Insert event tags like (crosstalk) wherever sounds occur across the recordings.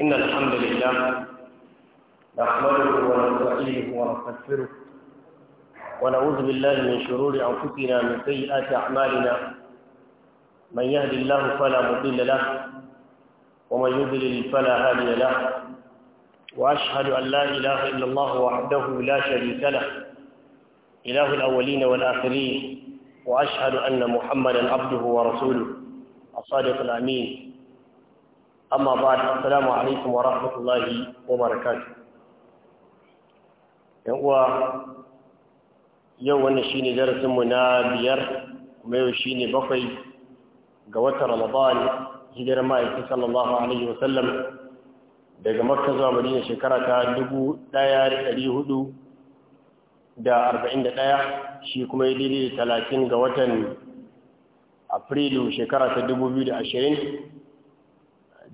إن الحمد لله نحمده ونستعينه ونستغفره ونعوذ بالله من شرور أنفسنا من سيئات أعمالنا من يهد الله فلا مضل له ومن يضلل فلا هادي له وأشهد أن لا إله إلا الله وحده لا شريك له إله الأولين والآخرين وأشهد أن محمدا عبده ورسوله الصادق الأمين amma ba da assalamu alaikum wa rahmatullahi wa barakatu uwa, yau wannan shi ne darasinmu na biyar kuma yau shi ne bakwai ga watan ramadan hijirar ma'aikin sallallahu alaihi wasallam daga makka zuwa madina shekara ta 1441 shi kuma yi daidai da 30 ga watan afrilu shekara ta 2020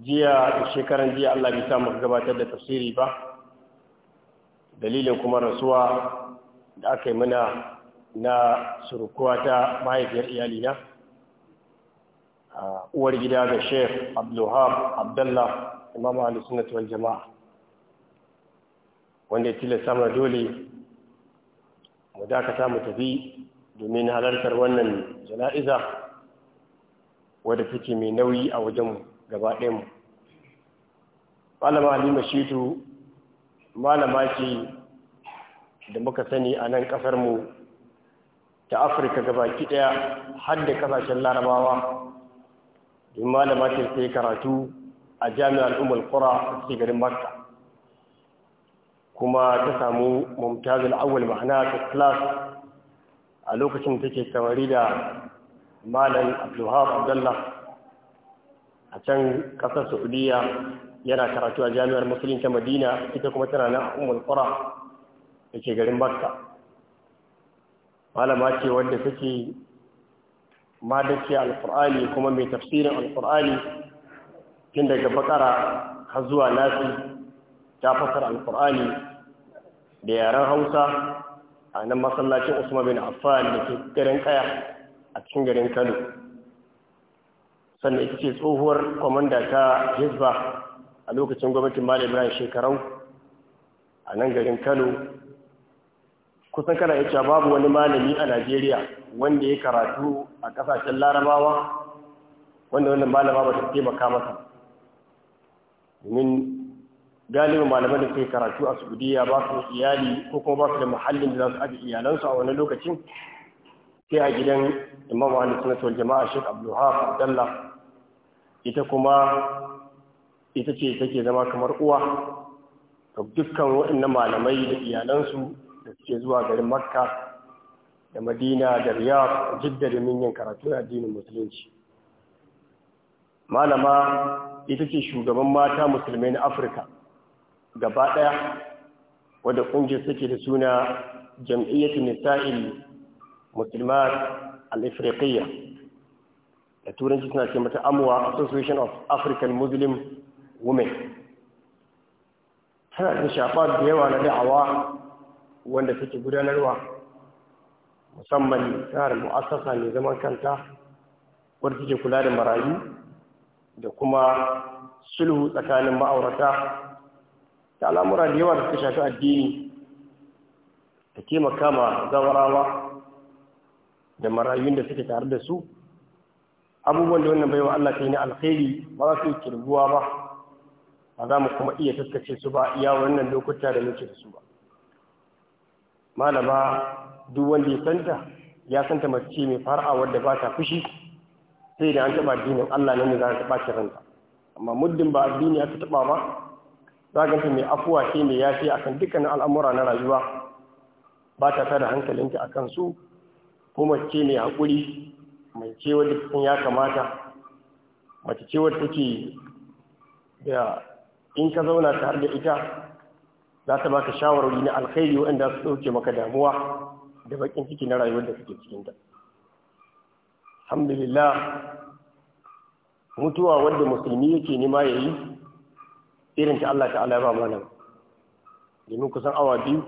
jiya shekaran jiya Allah bai samu gabatar da tafsiri ba dalilin kuma rasuwa da aka yi mana na surukuwa ta mahaifiyar iyalina uwar gida ga shef Abdullahi, abdullah imam alusunat jama'a wanda ya tilasta mana dole mu dakata mu tafi domin halartar wannan jana'iza wadda take mai nauyi a wajenmu gaba ɗayanmu malama halima shitu malama ce da muka sani a nan ƙasarmu ta afirka gabaki ɗaya har da ƙasashen larabawa don malama ce sai karatu a jami'ar umar kura a garin makka kuma ta samu mumtazul awal ma'ana ta class a lokacin take samari da malam abdullahi abdullah a can ƙasar saudiya yana karatu a jami'ar musulun ta madina ita kuma tana na umar kura da ke garin bakka malama ce wadda take madace alkur'ani kuma mai tafsirin alkur'ani tun daga bakara har zuwa nasi ta fasar alkur'ani da yaren hausa a nan masallacin usman bin affan da ke garin kaya a cikin garin kano sannan ita ce tsohuwar kwamanda ta Hisba. a lokacin gwamnatin malam ibrahim shekarau a nan garin kano kusan kana ya babu wani malami a najeriya wanda ya karatu a kasashen larabawa wanda wannan malama ba ta taimaka masa domin galibin malaman da suke karatu a saudiya ba su iyali ko kuma ba su da muhallin da za su aji iyalansu a wani lokacin sai a gidan imam ahli jama'a sheikh abdulhaf abdallah ita kuma ita ce take zama kamar uwa to dukkan waɗannan malamai da iyalansu da suke zuwa garin makka da madina da riyadh jidda domin yin karatu addinin musulunci malama ita ce shugaban mata musulmai na afirka gaba ɗaya wadda ƙungiyar take da suna jam'iyyar nisa'il musulmat al afriqiyya da turanci suna ce mata amwa association of african muslim women tana da shafa da yawa na da'awa wanda take gudanarwa musamman tsarin mu'assasa ne zaman kanta wadda take kula da marayu da kuma sulhu tsakanin ma'aurata da al'amura da yawa da suka shafi addini ta taimaka ma zawarawa da marayun da suke tare da su abubuwan da wannan baiwa Allah ta yi na alkhairi ba za su yi kirguwa ba ba za mu kuma iya taskace su ba iya wannan lokuta da muke da su ba malama duk wanda ya santa ya santa mace mai fara'a wadda ba ta fushi sai da an taba addinin Allah ne za ta bace ranta amma muddin ba addini aka taba ba za ka mai afuwa ce mai yafi akan dukkanin al'amura na rayuwa ba ta tada hankalinta akan su ko mace mai hakuri mai cewa dukkan ya kamata mace cewa take da in ka zauna tare da ita za ta baka shawarwari na alkhairi wanda su ɗauke maka damuwa da baƙin ciki na rayuwar da suke cikin ta alhamdulillah mutuwa wanda musulmi yake nema yi irin ta Allah ta'ala ba mana domin kusan awa biyu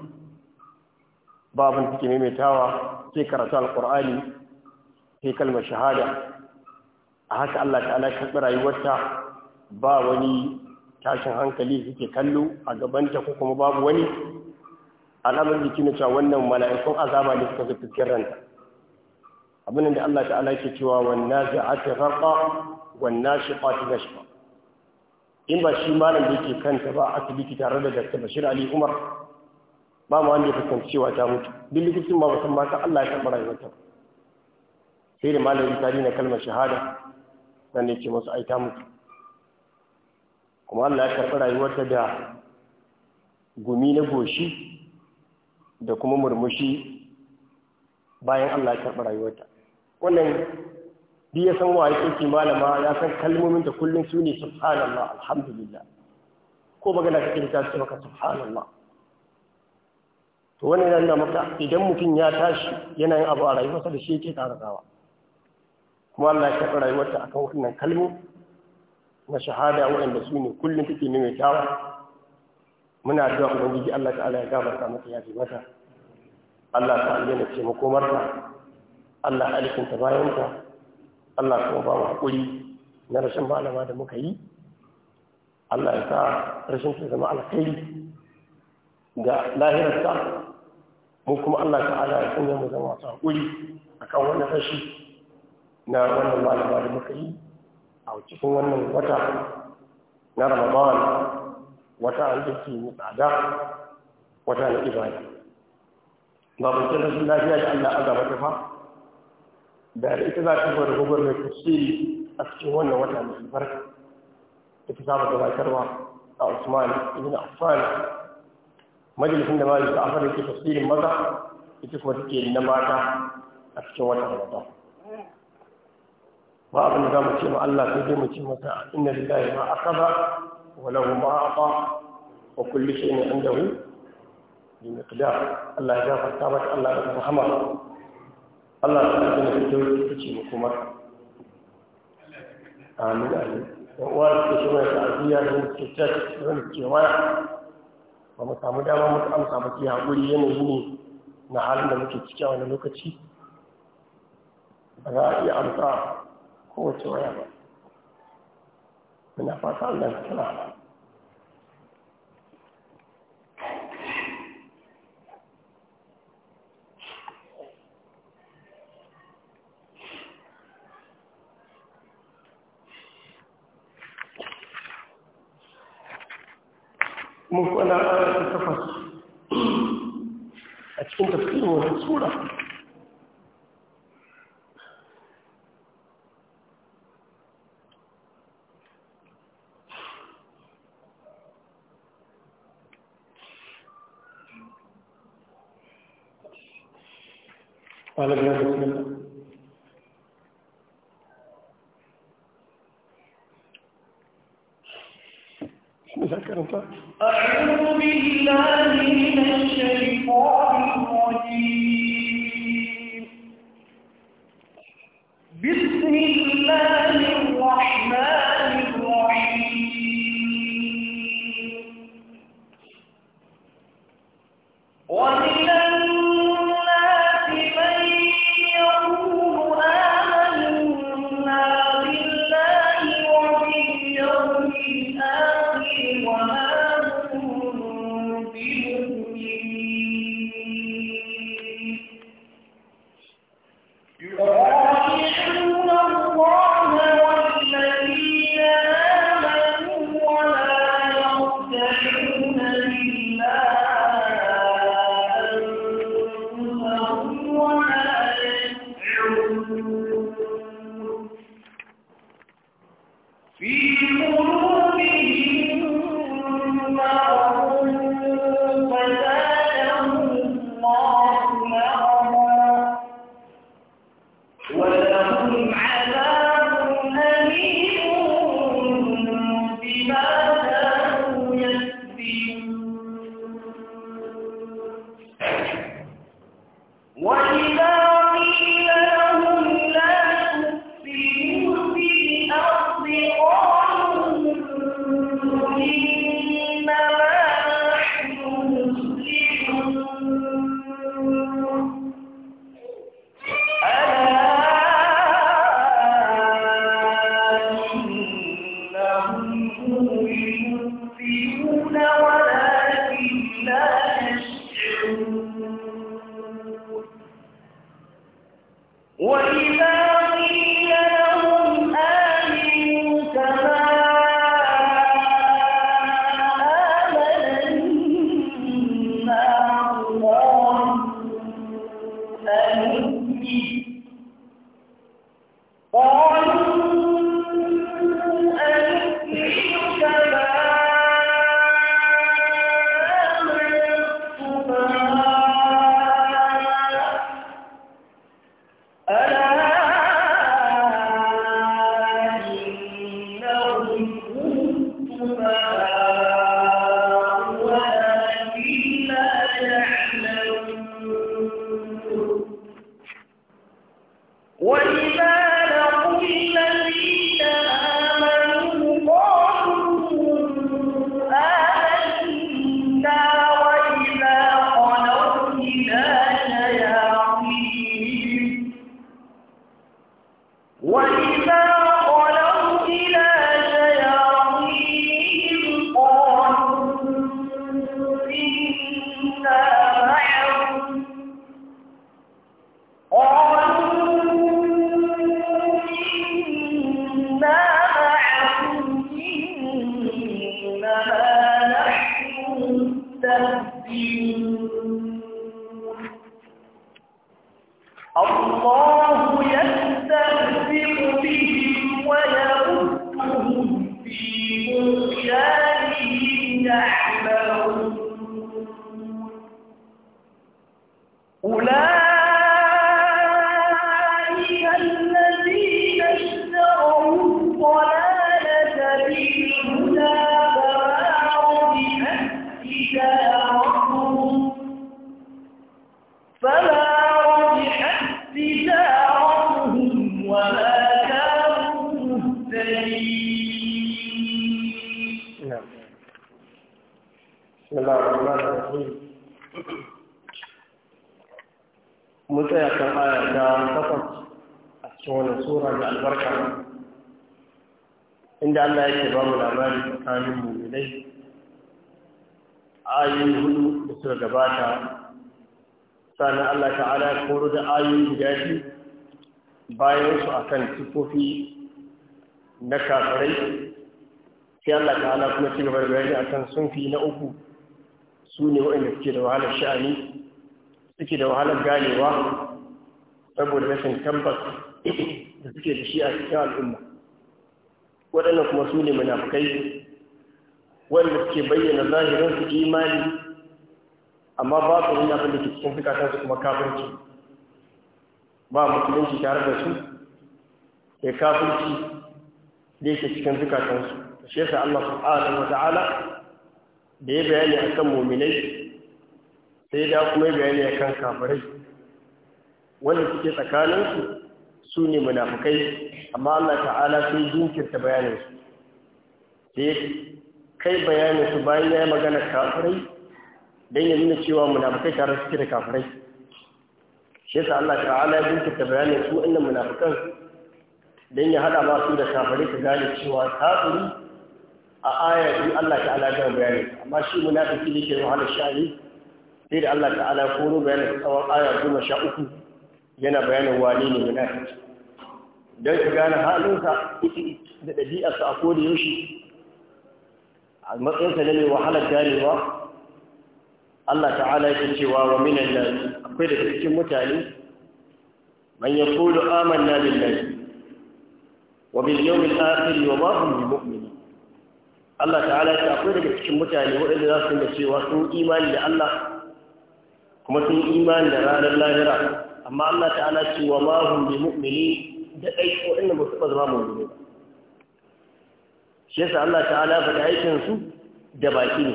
babin take maimaitawa sai karatu alqur'ani sai kalmar shahada a haka Allah ta'ala ya karɓi rayuwarta ba wani tashin hankali suke kallo a gabanta ko kuma babu wani alamar jiki na cewa wannan mala'ikun azaba ne suka zo fuskar ranta abin da Allah ta'ala ke cewa Wannan wan nazi'ati gharqa wan nashiqati nashqa in ba shi malam da yake kanta ba a asibiti tare da Dr. Bashir Ali Umar ba mu wanda ya fuskanci cewa ta mutu duk likitin ba san ma ta Allah ya tabbara rayuwarta sai da malam ya tari kalmar shahada sannan ya ce masu ai ta mutu kuma Allah ya tafi rayuwarta da gumi na goshi da kuma murmushi bayan Allah ya tafi rayuwarta wannan bi ya san wa yake malama ya san kalmomin da kullum su ne subhanallah alhamdulillah ko magana kake ta ce maka subhanallah to wannan yana nuna maka idan mutum ya tashi yana yin abu a rayuwarsa da shi yake ƙara kuma Allah ya tafi rayuwarta akan wannan kalmomin na shahada waɗanda su ne kullum take maimaitawa muna addu'a ubangiji Allah ta'ala ya gafarta mata ya mata Allah ta ayyana ce makomarta Allah alikinta bayanta Allah kuma ba mu na rashin malama da muka yi Allah ya sa rashin ta zama alkhairi ga ta, mu kuma Allah ta'ala ya sanya mu zama masu hakuri akan wannan rashi na wannan malama da muka yi a cikin wannan wata na ramadan wata an take mu tsada wata na ibada ba mun ce shi lafiya da Allah azaba ta fa da ita za ta bar gobar mai kusiri a cikin wannan wata mai albarka da ta saba gabatarwa a Usman ibn Affan majalisin da ma yi ta afar ta tafsirin maza ita kuma take na mata a cikin watan Ramadan ba abin da za mu ce ma Allah sai dai mu ce masa inna lillahi ma akaba wa lahu ma aqa wa kullu shay'in indahu bi miqdar Allah ya ta mata Allah da rahama Allah ya na fito da ce mu kuma amin amin da uwa da shi mai ta aziya da mu ke ta wani cewa ba mu samu dama mu amsa ba ki haƙuri yanayi ne na halin da muke ciki a wani lokaci ba za a iya amsa kowace waya ba muna fata Allah ya kira na uku su ne waɗanda suke da wahalar sha'ani suke da wahalar ganewa saboda rashin tabbas da suke da shi a cikin al'umma waɗannan kuma su ne munafukai wanda suke bayyana zahirin su imani amma ba su nuna abin da ke cikin zukatan su kuma kafirci ba musulunci tare da su sai kafirci da yake cikin zukatan su shi yasa Allah subhanahu wa ta'ala da ya bayani a kan mominai sai da kuma bayani a kan kafirai wanda suke tsakaninsu su ne munafukai amma Allah ta'ala sai jinkirta bayaninsu sai kai bayaninsu bayan ya yi magana kafirai don ya nuna cewa munafukai tare suke da kafirai shi yasa Allah ta'ala ya jinkirta bayanin su inda munafukan don ya haɗa masu da kafirai ta gane cewa kafiri a aya biyu Allah ta'ala zan bayani amma shi munafiki ne ke wahala sha'ani sai da Allah ta'ala koro bayanin tsawon aya goma sha uku yana bayanin wani ne munafiki don ka gane halinsa da ɗabi'arsa a koda yaushe a matsayinsa ne mai wahalar ganewa Allah ta'ala ya cewa wa minan nan akwai daga cikin mutane man yaqulu amanna billahi wa bil yawmil akhir wa ma hum Allah ta'ala ya akwai daga cikin mutane waɗanda za su da cewa sun imani da Allah kuma sun imani da ranar lahira amma Allah ta'ala ce wa ma hum bi mu'mini da kai inda ba su ba zama mu'mini shi yasa Allah ta'ala faɗa aikin su da baki ne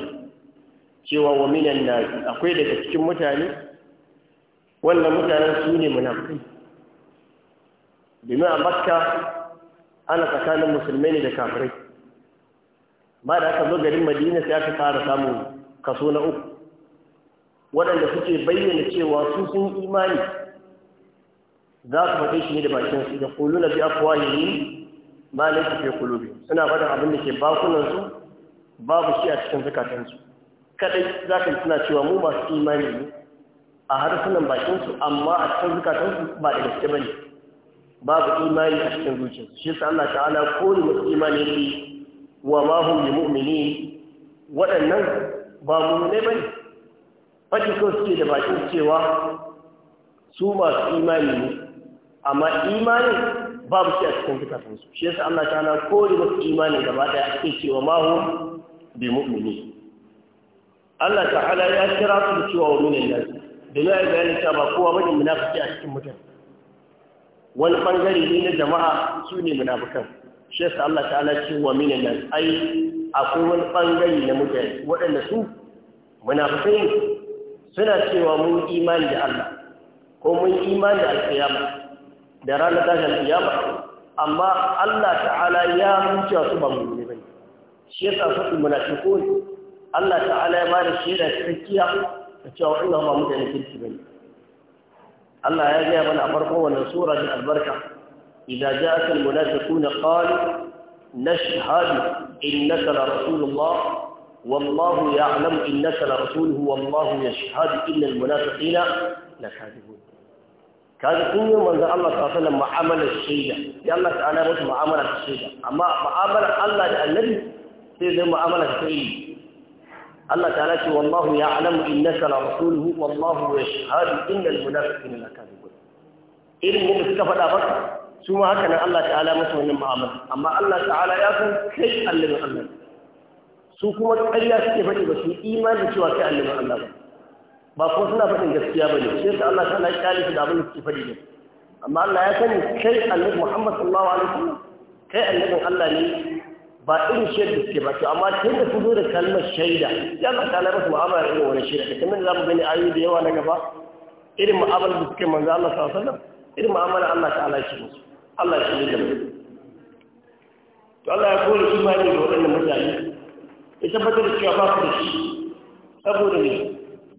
cewa wa minan nasi akwai daga cikin mutane wannan mutanen su ne munafikai domin a makka ana tsakanin musulmai ne da kafirai ba da aka zo garin madina sai aka fara samun kaso na uku waɗanda suke bayyana cewa su sun imani za su faɗe shi ne da bakin su da kulu na biya kuwa yi ba na su biyu suna faɗin abin da ke bakunansu babu shi a cikin zukatansu kaɗai za ka suna cewa mu masu imani ne a harsunan bakinsu amma a cikin zukatansu ba da gaske ba ne babu imani a cikin zuciyarsu shi sa Allah ta'ala ko ni masu imani ne wa ma hum li mu'mini waɗannan ba mu'mine bane faɗi ko suke da bakin cewa su masu imani ne amma imanin babu shi a cikin su shi yasa Allah ta'ala kori musu imanin gaba daya ake cewa ma hum bi mu'mini Allah ta'ala ya kira su da cewa wani ne nas da ya bayani cewa ba kowa bane munafiki a cikin mutane wani bangare ne na jama'a su ne munafikan shi Allah Allah ta'ala ce wa minan nan ai akwai wani bangare na mutane waɗanda su munafikai suna cewa mun imani da Allah ko mun imani da alfiyama da ranar tashin alfiyama amma Allah ta'ala ya huce su ba mu ne bane shi muna su kone Allah ta'ala ya da shida cikakkiya ta cewa wannan ba mutane kirki bai Allah ya gaya mana a farko wannan sura da albarka إذا جاءك المنافقون قالوا نشهد إنك لرسول الله والله يعلم إنك لرسوله والله يشهد إن المنافقين لكاذبون كذا كل من ذا الله صلى الله عليه وسلم عمل الشيء يلا تعالى بس ما الشيء أما ما الله الذي سيدنا ما الشيء الله تعالى والله يعلم إنك لرسوله والله يشهد إن المنافقين لكاذبون إن مستفاد أبدا su ma haka nan Allah ta'ala masa wannan mu'amala amma Allah ta'ala ya san kai allin Allah su kuma ƙarya suke faɗi ba su imani cewa kai allin Allah ba ba kuma suna faɗin gaskiya ba ne shi yasa Allah ta'ala ya kyale su da abin da suke faɗi ne amma Allah ya sani kai allin Muhammad sallallahu alaihi wasallam kai allin Allah ne ba irin shaida suke ba to amma kai da su zo da kalmar shaida ya Allah ta'ala masa mu'amala irin wani shaida kamar za mu gani ayu da yawa na gaba irin mu'amala da suke manzo Allah sallallahu alaihi wasallam irin mu'amala Allah ta'ala shi musu Allah ya shirya da mu to Allah ya kore shi ma da waɗannan mutane ya tabbatar da cewa ba su da shi saboda ne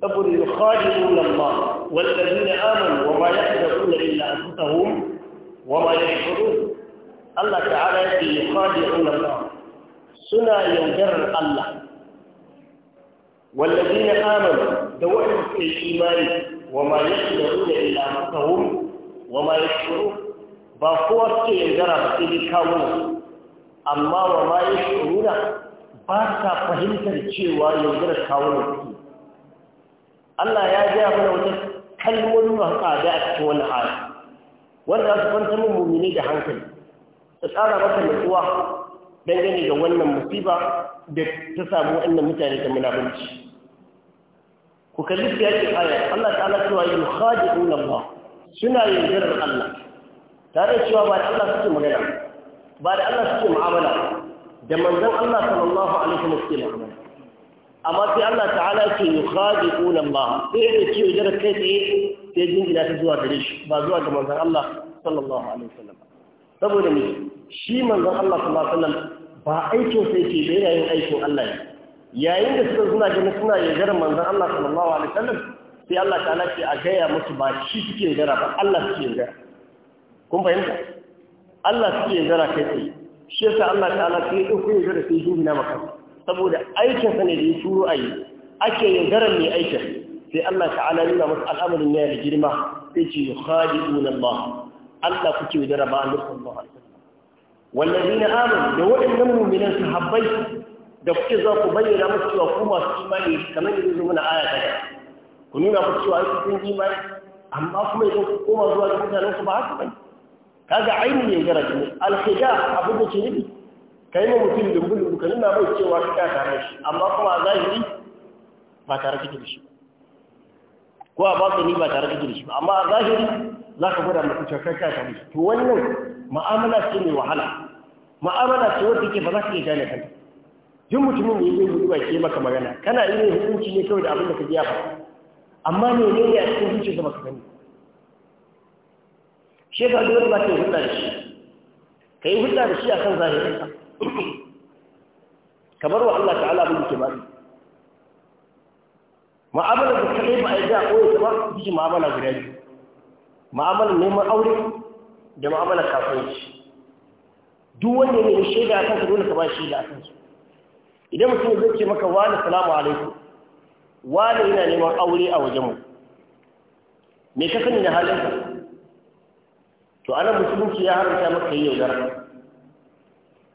saboda ya khadiru lamma wallazina amanu wa ma yaqdiruna illa anfusahum wa ma yashurun Allah ta'ala ya ce yukhadiru lamma suna yaudarar Allah wallazina amanu da waɗanda suke imani wa ma yaqdiruna illa anfusahum wa ma yashurun ba kowa suke yaudara ba sai dai kawo amma wa ma ya shuruna ba sa fahimtar cewa yaudara kawo na suke Allah ya gaya mana wata kalmomi masu tsada a cikin wani hali wanda su kwanta min mummuni da hankali ta tsara masa nutsuwa dangane da wannan musiba da ta samu wannan mutane da munafunci ku kalli siyasar aya Allah ta'ala cewa yukhadi'una Allah suna yaudarar Allah tare da cewa ba da Allah suke magana ba da Allah suke mu'amala da manzon Allah sallallahu alaihi wasallam suke mu'amala amma sai Allah ta'ala ce yukhadi'una ba. sai da ce da kai tsaye sai jingina ta zuwa gare shi ba zuwa ga manzon Allah sallallahu alaihi wa sallam. saboda me shi manzon Allah sallallahu alaihi wasallam ba aikin sai ke da yayin aikin Allah ne yayin da suka suna ganin suna yaudarar manzon Allah sallallahu alaihi wa sallam, sai Allah ta'ala ke a gaya musu ba shi suke yaudara ba Allah suke yaudara kun fahimta Allah suke zara kai tsaye shi yasa Allah ta'ala sai ya dauko ya zara sai juri na maka saboda aikin sa ne da ya turo ayi ake yin zaran mai aikin sai Allah ta'ala nuna masa al'amarin ne da girma sai ce yukhadi'una Allah Allah kuke zara ba Allah sallallahu alaihi wasallam wallazina amanu da waɗannan mu'minan sahabbai da kuke za ku bayyana musu cewa ku masu imani kamar yadda zo mana aya ta ku nuna musu cewa ai kun imani amma kuma idan ku koma zuwa ga mutanen ku ba haka bane kaga ainu ne gara ne alhija abin da ce ne kai mu mutum dumbulin ka nuna mai cewa ka tare shi amma kuma zahiri ba tare kake da shi ko a basu ni ba tare kake da shi ba amma a zahiri za ka gwada mutum cewa ka tare shi to wannan ma'amala ce mai wahala ma'amala ce wadda ke ba za ka iya gane kanta duk mutumin da yake gudu ba ke maka magana kana iya hukunci ne kawai da abin da ka biya ba amma ne ne a cikin ba ka gani shi ka dole ba ka hulɗa da shi ka yi hulɗa da shi a kan zahirinsa (clears throat) ka bar wa Allah ta'ala da ke bari ma'amalar da kaɗai ba a yi za a ɓoye kuma ba ma'amala guda biyu ma'amalar neman aure da ma'amalar kasuwanci duk wanda ne da shaida a kansa dole ka ba shi da a kansa idan mutum zai ce maka wani salamu alaikum wani yana neman aure a wajenmu me ka sani da halinka to anan musulunci ya haramta maka yi yaudara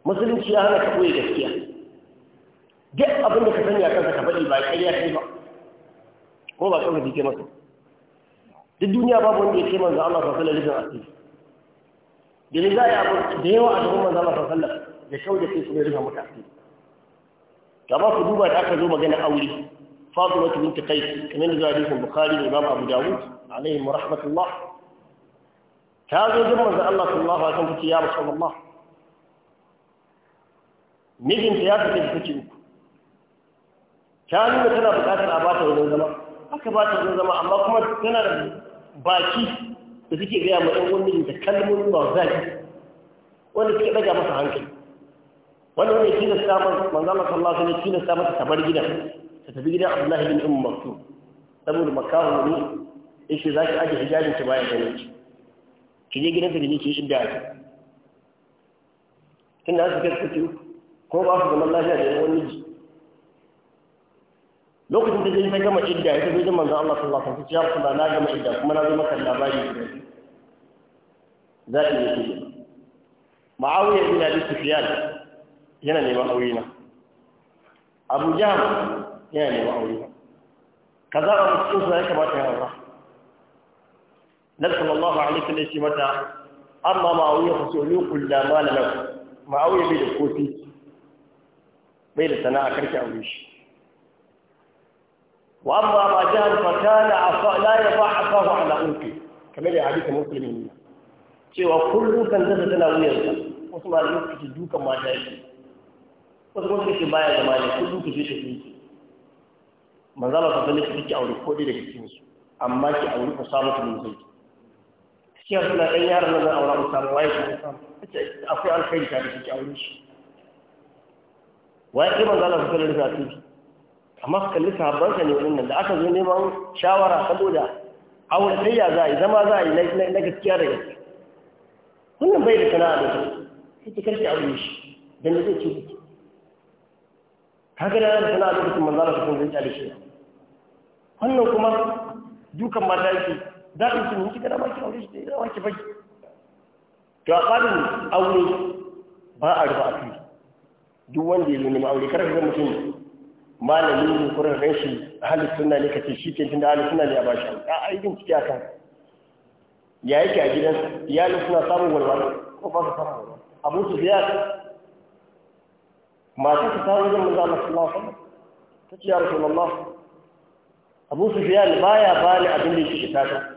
musulunci ya hana ka koyi gaskiya duk abin da ka sani a kansa ka faɗi ba ƙarya kai ba ko ba kansa ke masa duk duniya babu wanda ya ce manzo Allah sallallahu alaihi wasallam asiri yanzu za a yi da yawa a gaban manzo Allah sallallahu alaihi wasallam da kau da kai su ne rufa maka asiri gaba ku duba da aka zo magana aure Fatima bint Qais kamar da hadisin Bukhari da Imam Abu Dawud alaihi rahmatullah ta zo jin manzo Allah sallallahu alaihi wasallam ya rasulullah mijinta ya tafi da uku ta nuna tana buƙatar a bata wajen zama aka bata wajen zama amma kuma tana da baki da suke gaya ma ɗan wani da kalmomi ba zaki wanda suke ɗaga masa hankali wanda wani da samun manzo Allah sallallahu alaihi wasallam tilasta da ta bar gida ta tafi gidan Abdullahi bin Umm Maktum saboda makahu ne yake zaki ake hijabin ta bayan ganin shi ki je gidansa ki je ki idda ki tunda su kaskace ko ba su zaman lafiya da wani miji lokacin da zai gama idda ya tafi zaman zan Allah sallallahu alaihi wasallam ya rasulullah na gama idda kuma na zo maka labari za ki yi kike Muawiya ibn Abi Sufyan yana neman aure na Abu Jahl yana neman aure na kaza a cikin su ya kamata ya aura na sallallahu alaihi wasallam shi mata amma ma'awiya fa sulu kullu ma la lahu bai da kofi bai da sana'a karki aure shi wa amma ma jahal fa kana afa la yafa afahu ala unki kamar cewa kullum kan zata tana wuyarsa wasu malamin suke dukan wasu kuma baya zama ne kullum ku je ta fi manzala ta zama aure ko daga cikin amma ki aure ku samu cikin suna ɗan yaran nan zan aura mu samu waye ka samu akwai alkhairi ta da shi aure shi waye kai manzo Allah sallallahu alaihi wasallam amma ka kalli sa ne wannan da aka zo neman shawara saboda aure sai ya za a yi zama za a yi na gaskiya da gaskiya wannan bai da sana'a da su sai ki karki aure shi dan da zai ci ki kaga da sana'a da kuma manzo Allah sallallahu alaihi wasallam wannan kuma dukan mata yake zaɓin su ne kika da maki aure shi da yawa baki to a tsarin aure ba a rufa a fi duk wanda ya nuna neman aure kar ga mutum malami ne kurin ran shi halin suna ne kace shi kenan da halin suna ne a bashi a aikin ciki a kan ya yake a gidansa iyalin suna samun walwala ko ba su samun walwala abu su biya masu su samun zan manzo Allah sallallahu ta ce ya rasulullah abu su biya bani abin da yake kitata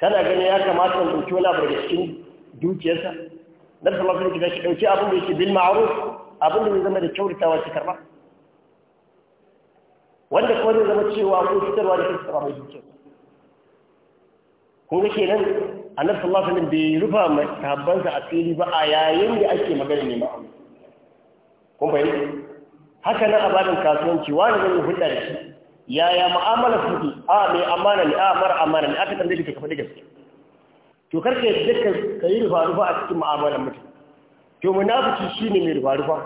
kana gani ya kamata in dauki wani abu daga cikin dukiyarsa na sallallahu alaihi wasallam ki dauki abin da yake bil ma'ruf abin da zai zama da kyautatawa ki karba wanda kuma zai zama cewa ko fitarwa da fitarwa mai dukiyar. kun ga kenan annabi sallallahu alaihi wasallam bai rufa mai sahabbansa a fili ba a yayin da ake magana ne ma'amala kun bayyana haka nan a babin kasuwanci wani zai hulɗa da shi yaya mu'amala fudu a mai amana ne a mara amana ne aka tambaye ka kafa da gaske to karka yadda ka yi rufa rufa a cikin mu'amalar mutum to munafiki shine mai rufa rufa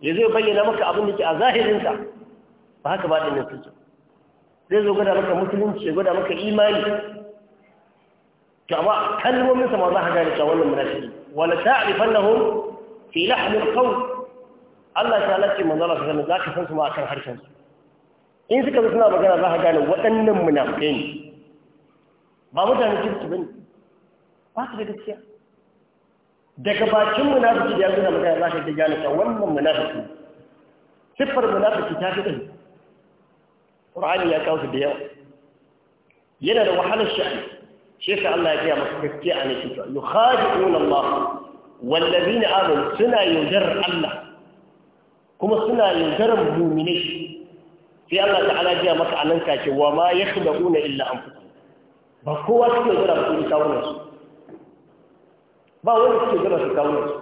ya zai bayyana maka abin da ke a zahirinsa ba haka ba din nan suke zai zo gada maka musulunci ya gada maka imani to amma kalmomin sa ma za ka gane cewa wannan munafiki wala ta'rifannahum fi lahmil qawl Allah ta lake manzala sallallahu alaihi wasallam zaka san su ma akan harshen su in suka zo suna magana za ka gane waɗannan munafukai ne ba mutane kirki ba ne ba su da gaskiya daga bakin munafiki da ya zo na magana za ka ga gane ka wannan munafiki siffar munafiki ta fi ɗin ƙur'ani ya kawo su da yawa yana da wahalar sha'ani shi yasa Allah ya gaya masa gaskiya a nake cewa yukhadi'una Allah wallazina amanu suna yaudarar Allah kuma suna yaudarar mu'minai sai Allah ta'ala jiya maka a nan take wa ma ya shiga una illa an fuku ba kowa suke jira su yi kawunansu ba wani suke jira su kawunansu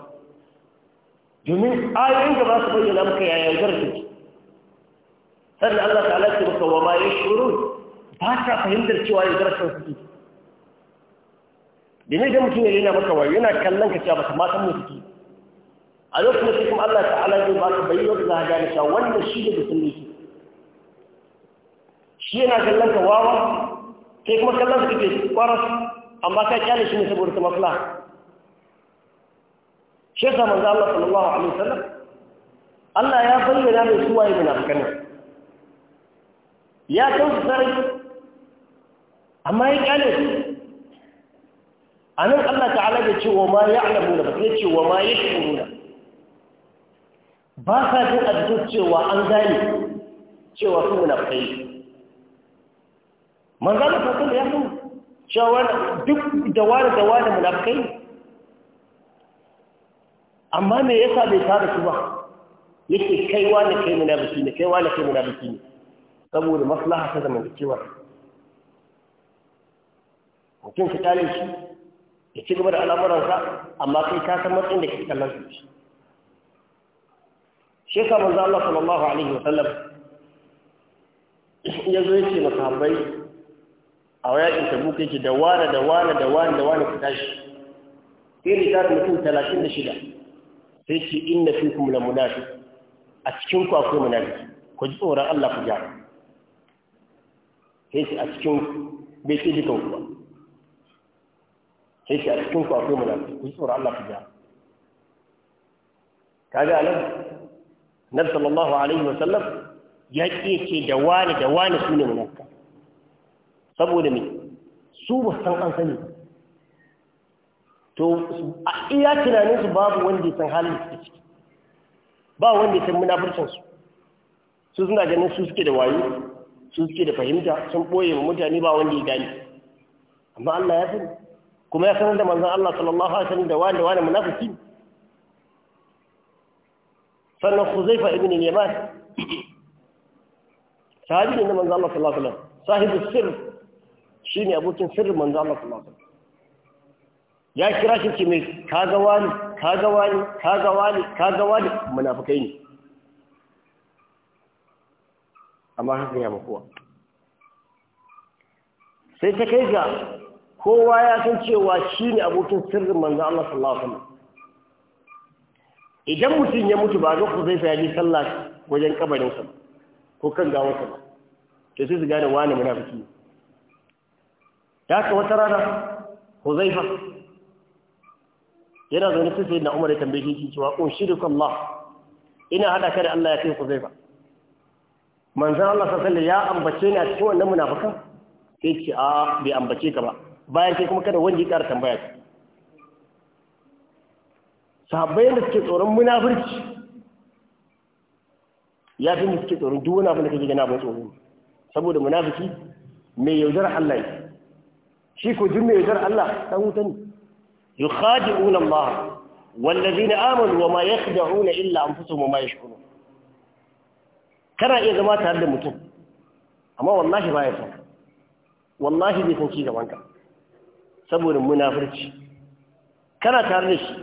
domin ayoyin da ba su bayyana maka yayan zarfi sannan Allah ta'ala ce maka wa ma ya shuru ba ta fahimtar cewa ya zarfin suke domin idan mutum ya yana maka wa yana kallon ka cewa ba ta matan mu suke a lokacin da kuma Allah ta'ala zai ba ka bayyana da za a gane cewa wannan shi ne da sunni shi yana kallon ka wawa sai kuma kallon su kake kwaras amma ka kyale shi ne saboda ta maslaha shi sa manzo Allah sallallahu alaihi wasallam Allah ya bayyana mai suwaye munafikan ya su sarai amma ya kyale su a nan Allah ta'ala da ce wa ma ya alamu da ba ce wa ma ya shuru da ba sa jin a cewa an gane cewa su munafai manzana fasil ya san cewa duk da wani da wani munafikai amma me yasa bai tara su ba yake kaiwa da kai munafiki ne kaiwa da kai munafiki ne saboda maslaha ta cewa mutum ka tare shi ya ci gaba da al'amuransa amma kai ka san matsayin da ke kallon su sheka manzo Allah sallallahu alaihi wasallam sallam ya zo ya ce masahabbai a yakin tabuk yake da wane da wane da wane da wane ku tashi sai ritar mutum talatin da shida sai ce fi kuma la munafiq a cikin ku akwai munafiki ku ji tsoron Allah ku jara sai ce a cikin bai ce dukan ku ba sai ce a cikin ku akwai munafi ku ji tsoron Allah ku gyara kaga nan nabi sallallahu alaihi wa sallam ya ce da wani da wani sune munafiki saboda mai su ba san an sani to a iya tunanin su babu wanda ya san halin da suke ciki ba wanda ya san munafurcin su su suna ganin su suke da wayo su suke da fahimta sun boye ma mutane ba wanda ya gani amma Allah ya sani kuma ya sanar da manzon Allah sallallahu alaihi wasallam da wanda wani munafiki sannan Khuzaifa ibn al-Yaman sahabi ne manzon Allah sallallahu alaihi wasallam sahibu sirr ne abokin sirrin manzo Allah sallallahu alaihi ya kira shi ce mai kaga wani kaga wani kaga wani kaga wani munafikai ne amma hakan ya makuwa sai ta kai ga kowa ya san cewa shi ne abokin sirrin manzo Allah sallallahu alaihi wasallam idan mutum ya mutu ba zai zai sai ya sallah wajen kabarin sa ko kan gawar sa ba to sai su gane wani munafiki ne da wata rana fa, yana zaune sai na umar ya tambaye shi cewa unshiduka Allah ina hada ka da Allah ya kai fa. manzon Allah sallallahu alaihi ya ambace ni a cikin wannan munafikan sai ce a bai ambace ka ba bayan sai kuma kada wanda ya ƙara tambaya ka sahabbai da suke tsoron munafurci ya fi suke tsoron duk wani abin da kake gana abin tsoro saboda munafiki mai yaudar Allah shi ko duk mai yardar Allah dan wuta ne yukhadi'una Allah wallazina amanu wa ma ya fi da yakhda'una illa anfusuhum wa ma yashkurun kana iya zama tare da mutum amma wallahi ba ya san wallahi bai san ci gaban ka saboda munafurci kana tare da shi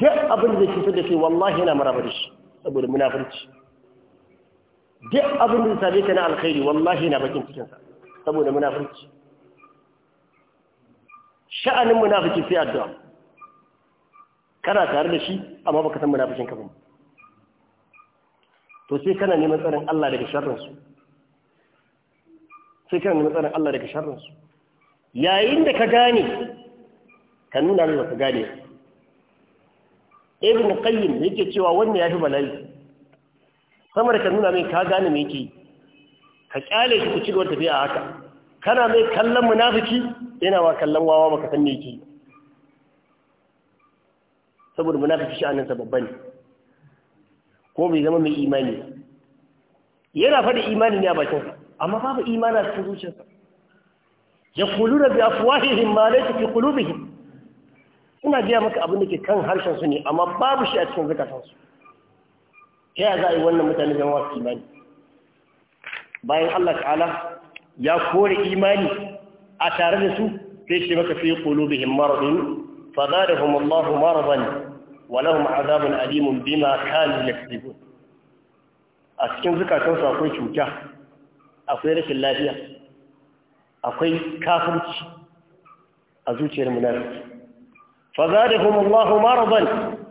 duk abin da ke da kai wallahi yana maraba da shi saboda munafurci duk abin da sabe ka na alkhairi wallahi yana bakin cikin sa saboda munafurci sha'anin munafiki sai addu'a kana tare da shi amma baka san munafikin ka ba to sai kana neman tsarin Allah daga sharrin su sai kana neman tsarin Allah daga sharrin su yayin da ka gane ka nuna ne ka gane ibn qayyim yake cewa wannan yafi bala'i samar ka nuna mai ka gane me yake ka kyale shi ku ci gaba tafiya haka kana mai kallon munafiki yana ba kallon wawa maka san me yake saboda munafiki sha'anin sa babba ne ko bai zama mai imani yana fada imani ne a bakin sa amma babu imani a cikin zuciyarsa da bi afwahihim ma laysa fi qulubihim ina biya maka abin da ke kan harshen su ne amma babu shi a cikin zukatansu ta yaya za a yi wannan mutane zama wasu imani bayan Allah ta'ala ya kore imani a tare da su sai ce maka fi qulubihim maradun fadadahum Allah maradan wa lahum azabun alimun bima kanu yaktubun a cikin zukatansu akwai cuta akwai rashin lafiya akwai kafirci a zuciyar munafiki fazadahum Allah maradan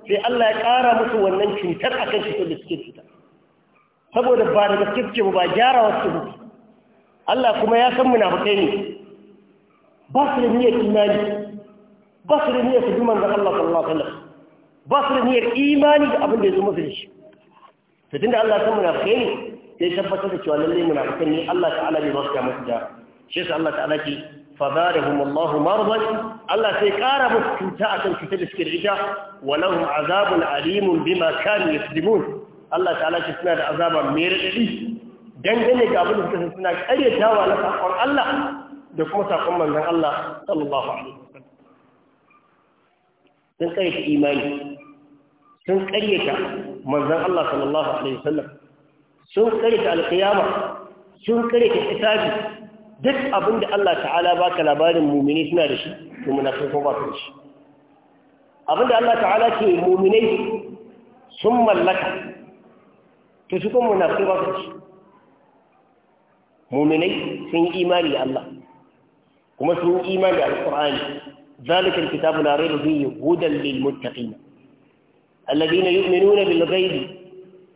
sai Allah ya kara musu wannan cutar akan cutar da suke cuta saboda ba da gaske ba gyara wasu Allah kuma ya san munafukai ne ba su da niyyar imani ba su da niyyar su bi Allah sallallahu alaihi wasallam ba su da niyyar imani da abin da ya zo musu da shi to tunda Allah san munafukai ne sai tabbatar da cewa lalle munafukai ne Allah ta'ala bai baka musu da shi sai Allah ta'ala ki fadharahum Allah mardan Allah sai kara musu cuta akan cuta da suke da ita walahum azabun alimun bima kanu yasdimun Allah ta'ala ki suna da azaba mai radadi dangane ga abin da suka san suna karyatawa na sakon Allah da kuma sakon manzon Allah sallallahu alaihi wasallam sun karyata imani sun karyata manzon Allah sallallahu alaihi wasallam sun karyata alkiyama sun karyata hisabi duk abin da Allah ta'ala baka labarin mumini suna da shi to munafiqun ba su da shi abin da Allah ta'ala ke muminai sun mallaka to su kuma munafiqun ba su da shi مؤمني سن إيمان الله كما سن إيمان القرآن ذلك الكتاب لا ريب فيه هدى للمتقين الذين يؤمنون بالغيب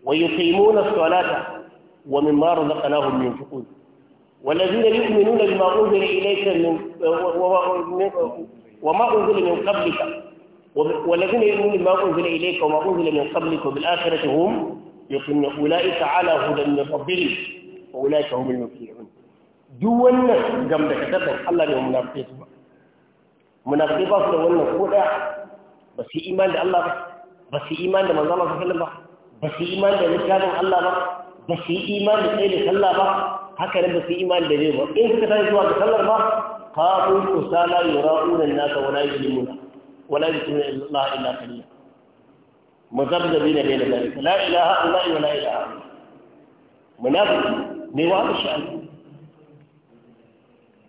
ويقيمون الصلاة ومما رزقناهم من فقود والذين يؤمنون بما أنزل إليك من وما أنزل من قبلك والذين يؤمنون بما أنزل إليك وما أنزل من قبلك وبالآخرة هم يقيمون أولئك على هدى من ربهم wa ulaika humul muflihun duk wannan gam da kadan Allah ne munafiki su ba munafiki ba su da wannan ko daya ba su iman da Allah ba ba su iman da manzon Allah sallallahu alaihi ba ba su iman da littafin Allah ba ba su iman da tsaye da sallah ba haka nan ba su iman da ne ba in suka tafi zuwa ga sallar ba qamu usala yura'una an-nasa wa la yu'minuna wa la yu'minuna illa illa qalila مذبذبين بين ذلك لا اله الا الله ولا اله الا الله منافق ne wahala sha'ani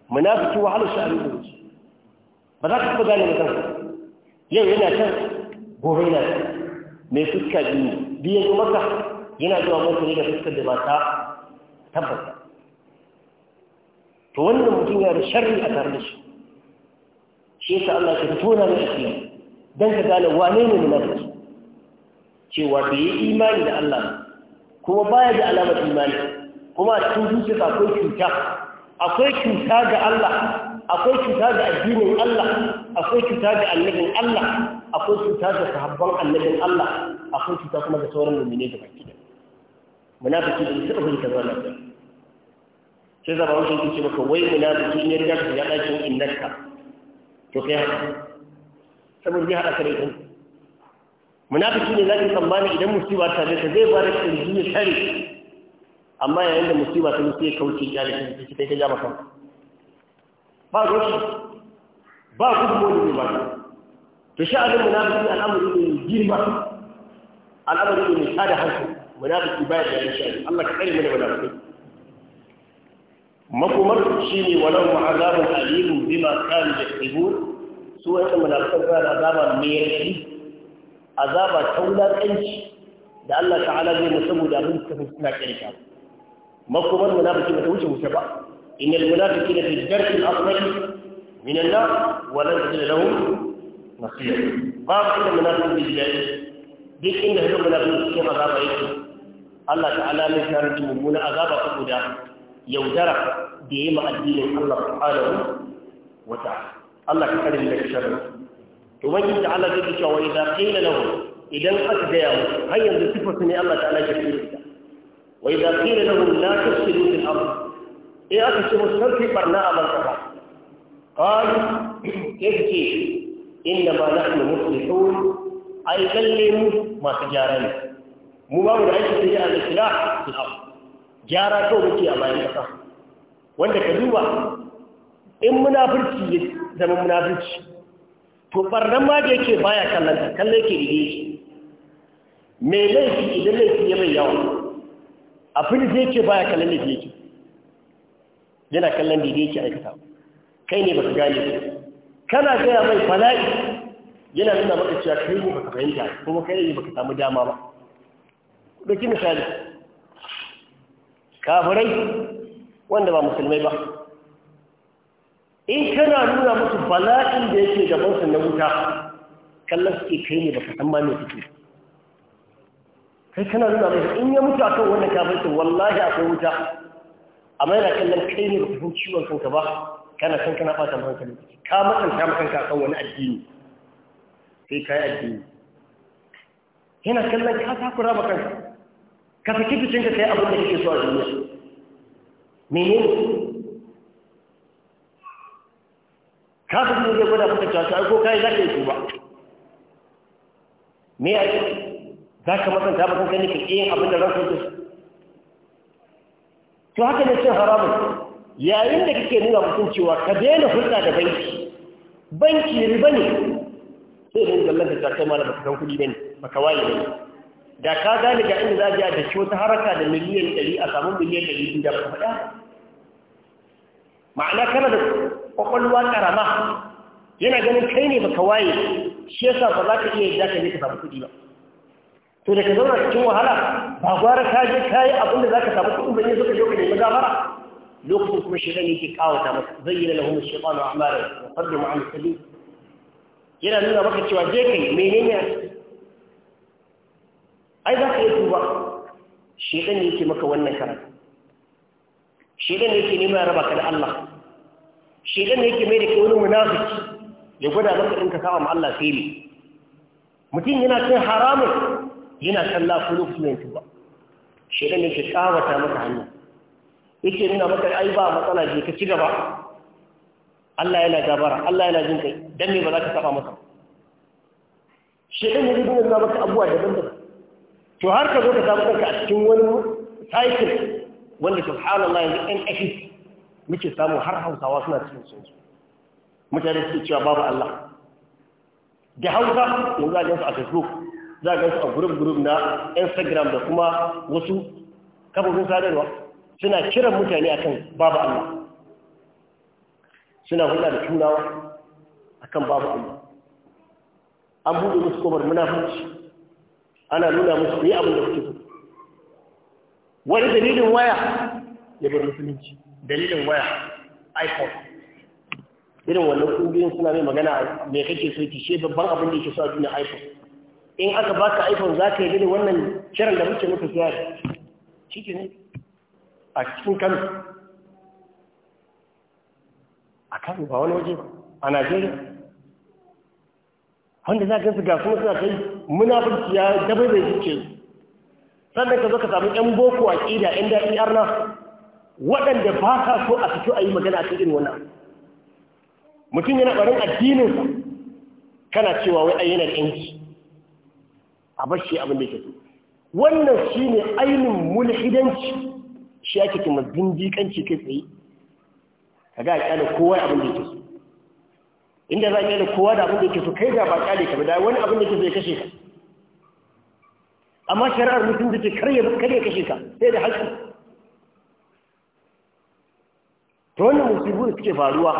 munafiki wahala sha'ani ne wuce ba za ka taɓa gane kanka? yau yana can gobe na can mai fuska biyu biyu maka yana zuwa maka ne da fuskar da ba ta tabbata to wannan mutum yana da sharri a tare da shi shi yasa Allah ya tona mai asiya dan ka gane wane ne munafiki cewa bai yi imani da Allah kuma baya da alamar imani kuma cikin zuciya akwai cuta akwai cuta ga Allah akwai cuta ga addinin Allah akwai cuta ga annabin Allah akwai cuta ga sahabban annabin Allah akwai cuta kuma ga sauran mummune da baki da munafiki da suka abin ta zama da sai zaba wajen kuce maka wai munafiki ne ya riga ka ya dakin innaka to kai haka saboda zai hada kare kan munafiki ne zaki tsammani idan musiba ta zai ba da kirji ne tare amma yayin da musiba ta musu ya kauce ya ta da kai ta jama kan ba goshi ba gudunmu ne ba to sha'anin munafiki al'amari ne girma al'amari ne mai sada hankali munafiki baya da sha'ani Allah ka kare mu da makomar shi ne walau ma'azabun alimu bima kan da tsibur su wata munafikan suna da azaba mai rashi azaba ta wulaƙanci da Allah ta'ala zai musamman da abin da suna ƙirƙa makomar munafiki ba ta wuce wuce ba innal munafiqina fi ddarki al-asfali min an-nar wa lan tajid lahum nasira babu inda munafiki bi dai duk inda haka munafiki cikin azaba yake Allah ta'ala ne ya ta mummuna azaba saboda yaudara da yayi yi addinin Allah subhanahu wa ta'ala Allah ka kare daga sharri to wani ta'ala zai ce wa idza qila lahum idan aka ga yawo har yanzu sifarsu ne Allah ta'ala ke kira وإذا قيل لهم لا تفسدوا في الأرض إيه أكسوا السلف برناء من قبل قال كيف إنما نحن مصلحون أي كلموا ما تجارين مو ما من عيش تجار الإصلاح في الأرض جاراتو بكي أما ينقص وأنت كذوبة إن منافرتي زمن منافرتي to barnan ma da yake baya kallon ta kalle ke rige shi mai laifi idan laifi ya mai yawa abin da ba baya kallon da yake yana kallon da yake aikata kai ne baka gane kana gaya mai fala'i yana nuna maka cewa kai ne baka fahimta kuma kai ne baka samu dama ba ki misali kafirai wanda ba musulmai ba in kana nuna musu fala'in da yake gabansu na wuta kallon su ke kai ne baka san ma su suke kai kana nuna mai in ya mutu akan wannan kafircin wallahi akwai wuta amma yana kallon kai ne baka san ciwon kanka ba kana san kana fata maka hankali ka matsanta maka kanka akan wani addini sai ka yi addini yana kallon ka takura maka kanka ka saki jikinka kai abin da kake so a duniya menene kafin ne zai gwada maka cewa ko kai za ka yi tuba me ya yi za ka matsanta ba kanka ne ka yin abin da ranka yake to haka ne cin haramun yayin da kake nuna mutum cewa ka daina hulɗa da banki banki riba ne sai da zallan da kai malama kan kuɗi ne baka waye ne. da ka gane ga inda za a je a wata haraka da miliyan ɗari a samu miliyan ɗari da ba faɗa ma'ana kana da kwakwalwa ƙarama yana ganin kai ne baka waye shi yasa ba za ka iya yadda ka je ka samu kuɗi ba to da ka zauna cikin wahala ba gwara ka je ka yi abin da za ka samu kuɗin ban suka je ka nemi gafara lokacin kuma shaitan yake kawata masa zayyana lahum shaytanu a'malu wa qaddamu an sabil yana nuna maka cewa je kai menene a ai za ka yi duba shaitan ne ke maka wannan karatu shaitan ne ke nema ya raba ka da Allah shaitan ne ke mai da kai wani munafiki ya gwada maka in ka kawo ma Allah sai ne mutum yana cin haramun yana kalla ko lokacin yanzu ba shedan yake kawata maka hannu yake nuna maka ai ba matsala je ka ci gaba Allah yana gabara Allah yana jin kai dan me ba za ka saba masa shedan yake nuna maka abuwa daban-daban to har ka zo ka samu kanka a cikin wani cycle wanda subhanallah yanzu ɗan ƙashi muke samu har hausawa suna cikin sunsu mutane suke cewa babu Allah da hausa yanzu a jansu a facebook za a gansu a gurub gurub na instagram da kuma wasu kafofin sadarwa suna kiran mutane akan babu Allah suna hulɗa da tunawa akan babu Allah an buɗe musu kobar munafurci ana nuna musu ku yi abin da kuke so wani dalilin waya ya bar musulunci dalilin waya iphone irin wannan kungiyoyin suna mai magana mai kake so ki she babban abin da yake so a duniya iphone in aka baka iphone za ka yi da wannan shirin da muke muka zuwa shi ke ne a cikin kano a kano ba wani waje a najeriya wanda za ka su ga kuma suna kai munafurci ya dabai bai yake sannan ka zo ka samu yan boko a ƙida yan daɗi arna waɗanda ba ka so a fito a yi magana a cikin wannan mutum yana ɓarin addininsa kana cewa wai ayyana da yanki a bashi abin da ke so wannan shine ainin mulhidanci shi ake kuma zindiƙanci kai tsaye kaga a kyale kowa abin da yake so inda za a kyale kowa da abin da yake so kai da ba kyale ka da wani abin da yake so ya kashe ka amma shari'ar mutum da ke karye karye kashe ka sai da haƙƙi to wannan musibu da suke faruwa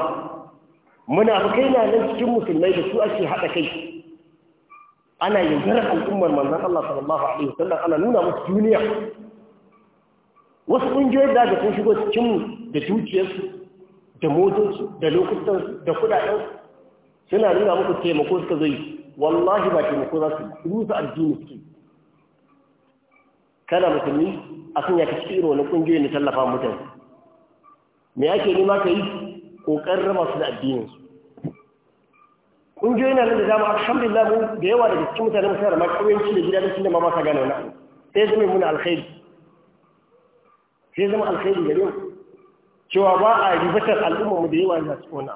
muna kai na nan cikin musulmai da su ake haɗa kai ana yaudarar al'ummar manzan Allah sallallahu alaihi wasallam ana nuna musu duniya wasu ƙungiyar da ga sun shigo cikin da dukiyarsu da motoci da lokutan da kudaden suna nuna musu taimako suka zai wallahi ba taimako za su rusa addini suke kana musulmi a sun ya cikin irin wani ƙungiyoyin da tallafa mutane me ake nema ka yi ƙoƙarin raba su da addininsu ƙungiyoyi na nan da dama alhamdulillah mun da yawa daga cikin mutane masu yara masu ƙauyenci da gida da ma ba masu gane wani sai zama muna alkhairi sai zama alkhairi gare mu cewa ba a ribatar al'umma mu da yawa da su kona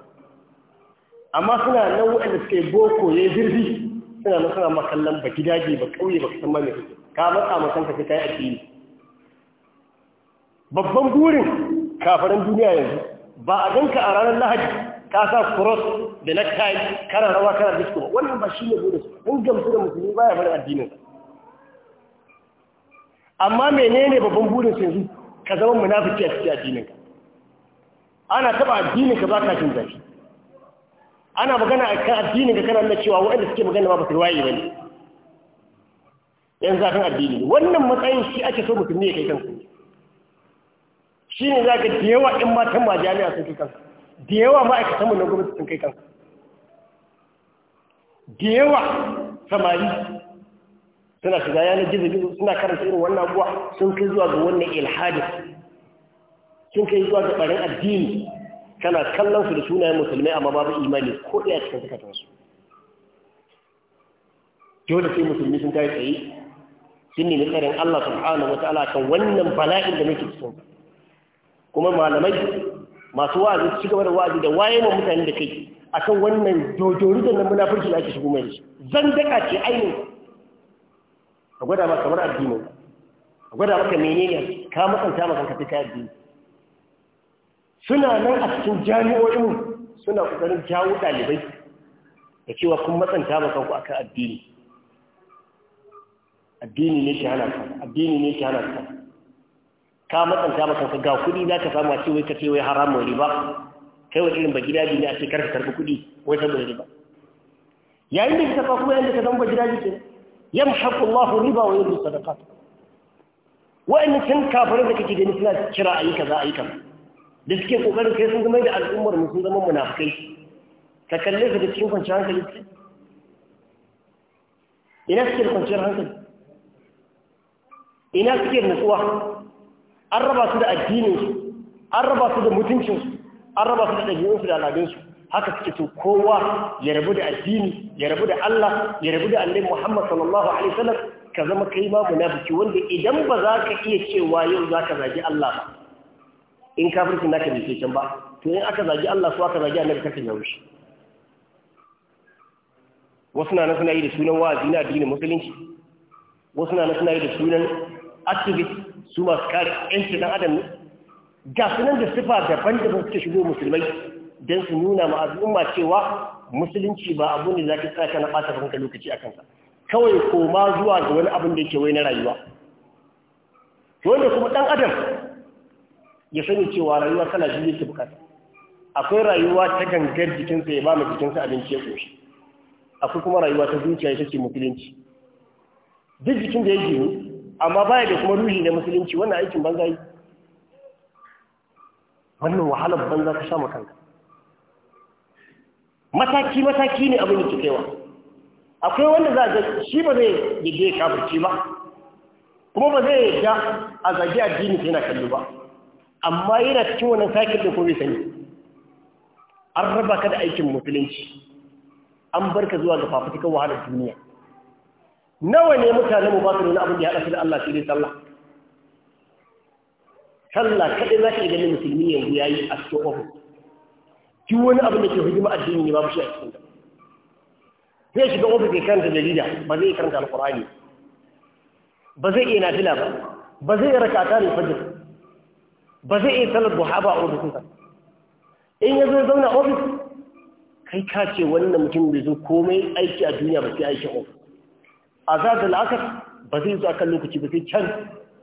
amma suna nan waɗanda suke boko ya yi zirbi suna nan suna makallan ba gidaje ba ƙauye ba kusan ma mai ka matsa ma kanka sai a fili babban burin kafaran duniya yanzu ba a ganka a ranar lahadi ka sa cross da necktie kana rawa kana disco wannan ba shi ne bude su in gamsu da musulmi baya bari addinin amma menene babban burin su yanzu ka zama munafiki a cikin addinin ka ana taba addinin ka baka jin zafi ana magana a kan addinin ka kana nuna cewa waɗanda suke magana ma ba su waye bane Yanzu akan addini wannan matsayin shi ake so mutum ne ya kai kansu shi ne za ka da yawa in matan ma jami'a sun kai kansu da yawa ma'aikatanmu na gwamnati sun kai kansu da yawa samari suna shiga yanar gizo-gizo suna karanta irin wannan abuwa sun kai zuwa ga wannan ilhadin sun kai zuwa ga ɓarin addini kana kallon su da sunayen musulmai amma babu imani ko ɗaya cikin zukatansu dole sai musulmi sun kai tsaye sun nemi tsarin Allah subhanahu wataala kan wannan bala'in da muke cikin kuma malamai masu wa'azi su gaba da wa'azi da waye ma mutane da kai akan wannan dodori da nan munafurci da ake shigo mai shi zan daka ce ainihin a gwada ma kamar addini a gwada maka menene ka matsanta maka ka fita addini suna nan a cikin jami'o'in suna kokarin jawo ɗalibai da cewa kun matsanta maka ku akan addini addini ne ke hana ka addini ne ke hana ka ka matsanta maka ka ga kuɗi za ka samu a ce wai ka ce wai haramun riba kai wa irin bagida gida ne a ce karka karɓi kuɗi wai saboda riba yayin da kika karɓa kuma yayin da ka zama ba gida ke yam Allahu riba wa yurbi sadaqat wa'annan can kafirin da kake gani suna kira ayi kaza ayi kaza da suke kokarin kai sun zama da al'ummar mu sun zama munafikai ka kalle su da cikin kwanciyar hankali ina suke da kwanciyar hankali ina suke nutsuwa an raba su da addininsu an raba su da mutuncinsu an raba su da ɗabi'unsu da al'adunsu haka suke to kowa ya rabu da addini ya rabu da Allah ya rabu da annabi Muhammad sallallahu alaihi wasallam ka zama kai ma munafiki wanda idan ba za ka iya cewa yau za ka zagi Allah ba in kafircin naka bai can ba to in aka zagi Allah su aka zagi annabi kafin ya wuce wasu na suna yi da sunan wa'azi na addinin musulunci wasu na suna yi da sunan activist su masu kare yanci dan adam ne ga sunan da sifa daban-daban suka shigo musulmai don su nuna ma al'umma cewa musulunci ba abu ne zaki tsaya kana ɓata kanka lokaci a kansa kawai koma zuwa ga wani abin da yake wai na rayuwa to wanda kuma ɗan adam ya sani cewa rayuwa kala biyu yake bukata akwai rayuwa ta gangar jikinsa ya ba mu jikinsa abinci ya koshi akwai kuma rayuwa ta zuciya ita ce musulunci duk jikin da ya gini amma baya da kuma ruhi na musulunci wannan aikin banza yi wannan wahalar banza ka sha kanka mataki mataki ne abin yake kaiwa akwai wanda za ga shi ba zai yaje ya kafirci ba kuma ba zai ga a zagi addini sai yana kallo ba amma yana cikin wannan sakin da kuma sani an raba ka da aikin musulunci an bar ka zuwa ga fafutukan wahalar duniya nawa ne mutane mu ba su nuna abin da ya haɗa su da Allah shi ne sallah sallah kaɗai za ka ganin musulmi yanzu ya yi a cikin ofis ki wani abin da ke hujima addini ne mu shi a cikin ta zai shiga ofis ya karanta jarida ba zai karanta alƙur'ani ba zai iya nafila ba ba zai iya rakata ne fajr ba zai iya salar buha ba a ofisinsa in ya zo zauna ofis kai ka ce wannan mutum bai zo komai aiki a duniya ba sai aikin ofis A da la'asar ba zai zo kan lokaci ba sai can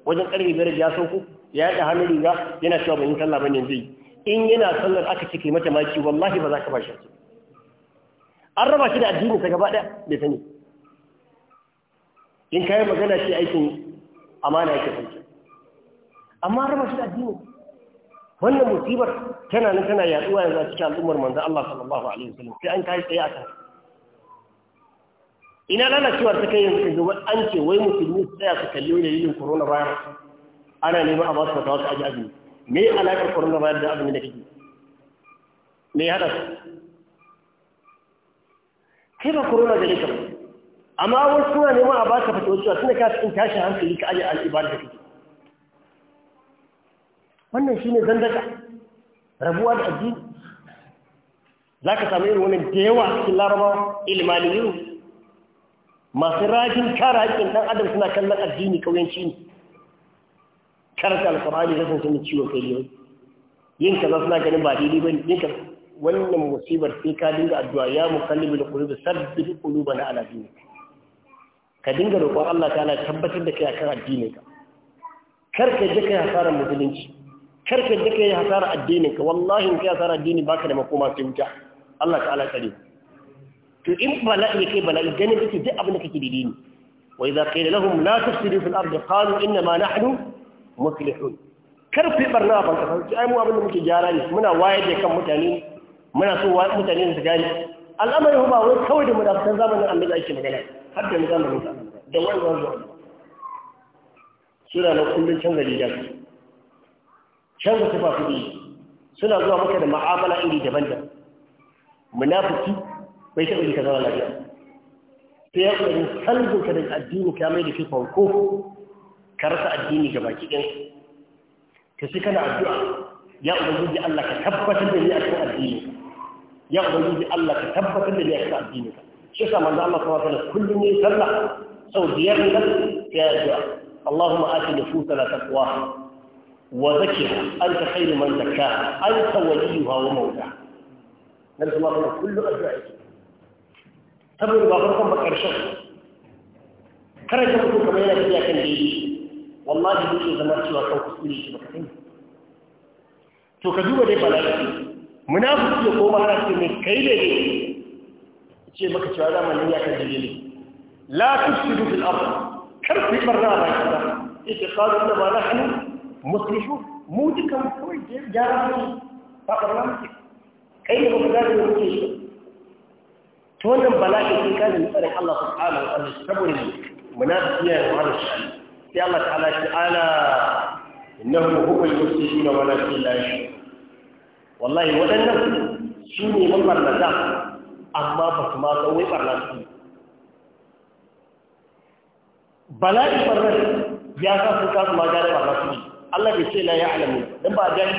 wajen karfe biyar ya sauko ya yaɗa hannun riga yana cewa ban yi sallah yanzu zai in yana sallar aka cike mata maki wallahi ba za ka ba shi an raba shi da addinin sa gaba ɗaya bai sani in kayan magana shi aikin amana yake sauke amma raba shi da addini wannan musibar tana nan tana yaduwa yanzu a cikin al'ummar manzo Allah sallallahu alaihi wasallam sai an kai tsaye a kansa ina lalacewar ta kai yanzu ga an ce wai musulmi su tsaya su kalli dalilin coronavirus ana neman a ba su fatawa su aji azumi me alaƙar coronavirus da ne da kake me ya su kai ba corona da ka amma wani suna neman a ba su fatawa cewa suna ka in tashi hankali ka aji al'ibar da kake wannan shine zandaka rabuwa da addini za ka samu irin wani da yawa cikin larabawa ilmaliyun masu rajin kare haƙin ɗan adam suna kallon addini ƙauyenci ne karanta alƙur'ani zai san sanin ciwon kai yau yin kaza suna ganin ba daidai ba yin kaza wannan musibar sai ka dinga addu'a ya mukallibu da qulubi kulu qulubana ala dinik ka dinga roƙon Allah ala tabbatar da kai akan addini ka kar ka je kai hasara musulunci kar ka je kai hasara addinin ka wallahi in kai hasara addini baka da makoma sai wuta Allah ta'ala kare to in bala'i kai bala'i ganin kake duk abin da kake daidai ne wa idza qila lahum la tufsidu fil ardi qalu inna ma nahnu muslihun kar ku barna ban kasa ki ai mu abin da muke gyara ne muna wayar da kan mutane muna so mutane su gane al'amari ba wai kawai da mu munafikan zamanin annabi ake magana har da zamanin sa da wani wani suna na kullun canza rigar canza tufafi suna zuwa maka da ma'amala iri daban-daban munafiki bai taɓa yi ka zama lafiya sai ya ƙwari kalbin ka daga addini ka mai da shi fanko ka rasa addini ga baki ɗin ka shi kana addu'a ya ubangiji Allah ka tabbatar da ni a cikin addini ya ubangiji Allah ka tabbatar da ni a cikin addini ka shi yasa manzo Allah sallallahu alaihi wasallam kullum ne sallah sau biyar ne ya addu'a Allahumma ati nufusana taqwaha وذكرها أنت خير من زكاها أنت وليها ومولاها نرجو الله addu'a أدعائك saboda ba farkon ba ƙarshen karanta mutum kamar yana tafiya kan da yi wallahi mutum zama cewa kan kuskure shi baka sani to ka duba dai bala'i munafiki ya koma ana ce mai kai da ne ce maka cewa zamanin ya kan dalili la tusidu fil abu, kar ku barna ba ki ba ita da inna ma nahnu muslihu mu dukan kawai gyara ne ba barna kai ne ba ku da mutum ta wannan bala'i sun kada ni tsarin Allah subhanahu wa ta'ala saboda muna ya yawa da shi sai Allah ta'ala shi ala innahu huwal mufsiduna wa la ilaha wallahi wadannan su ne mabarnata amma ba su ma wai barna su bala'i barna ya sa su kasu ma gane barna su Allah bai ce la ya'lamu dan ba gani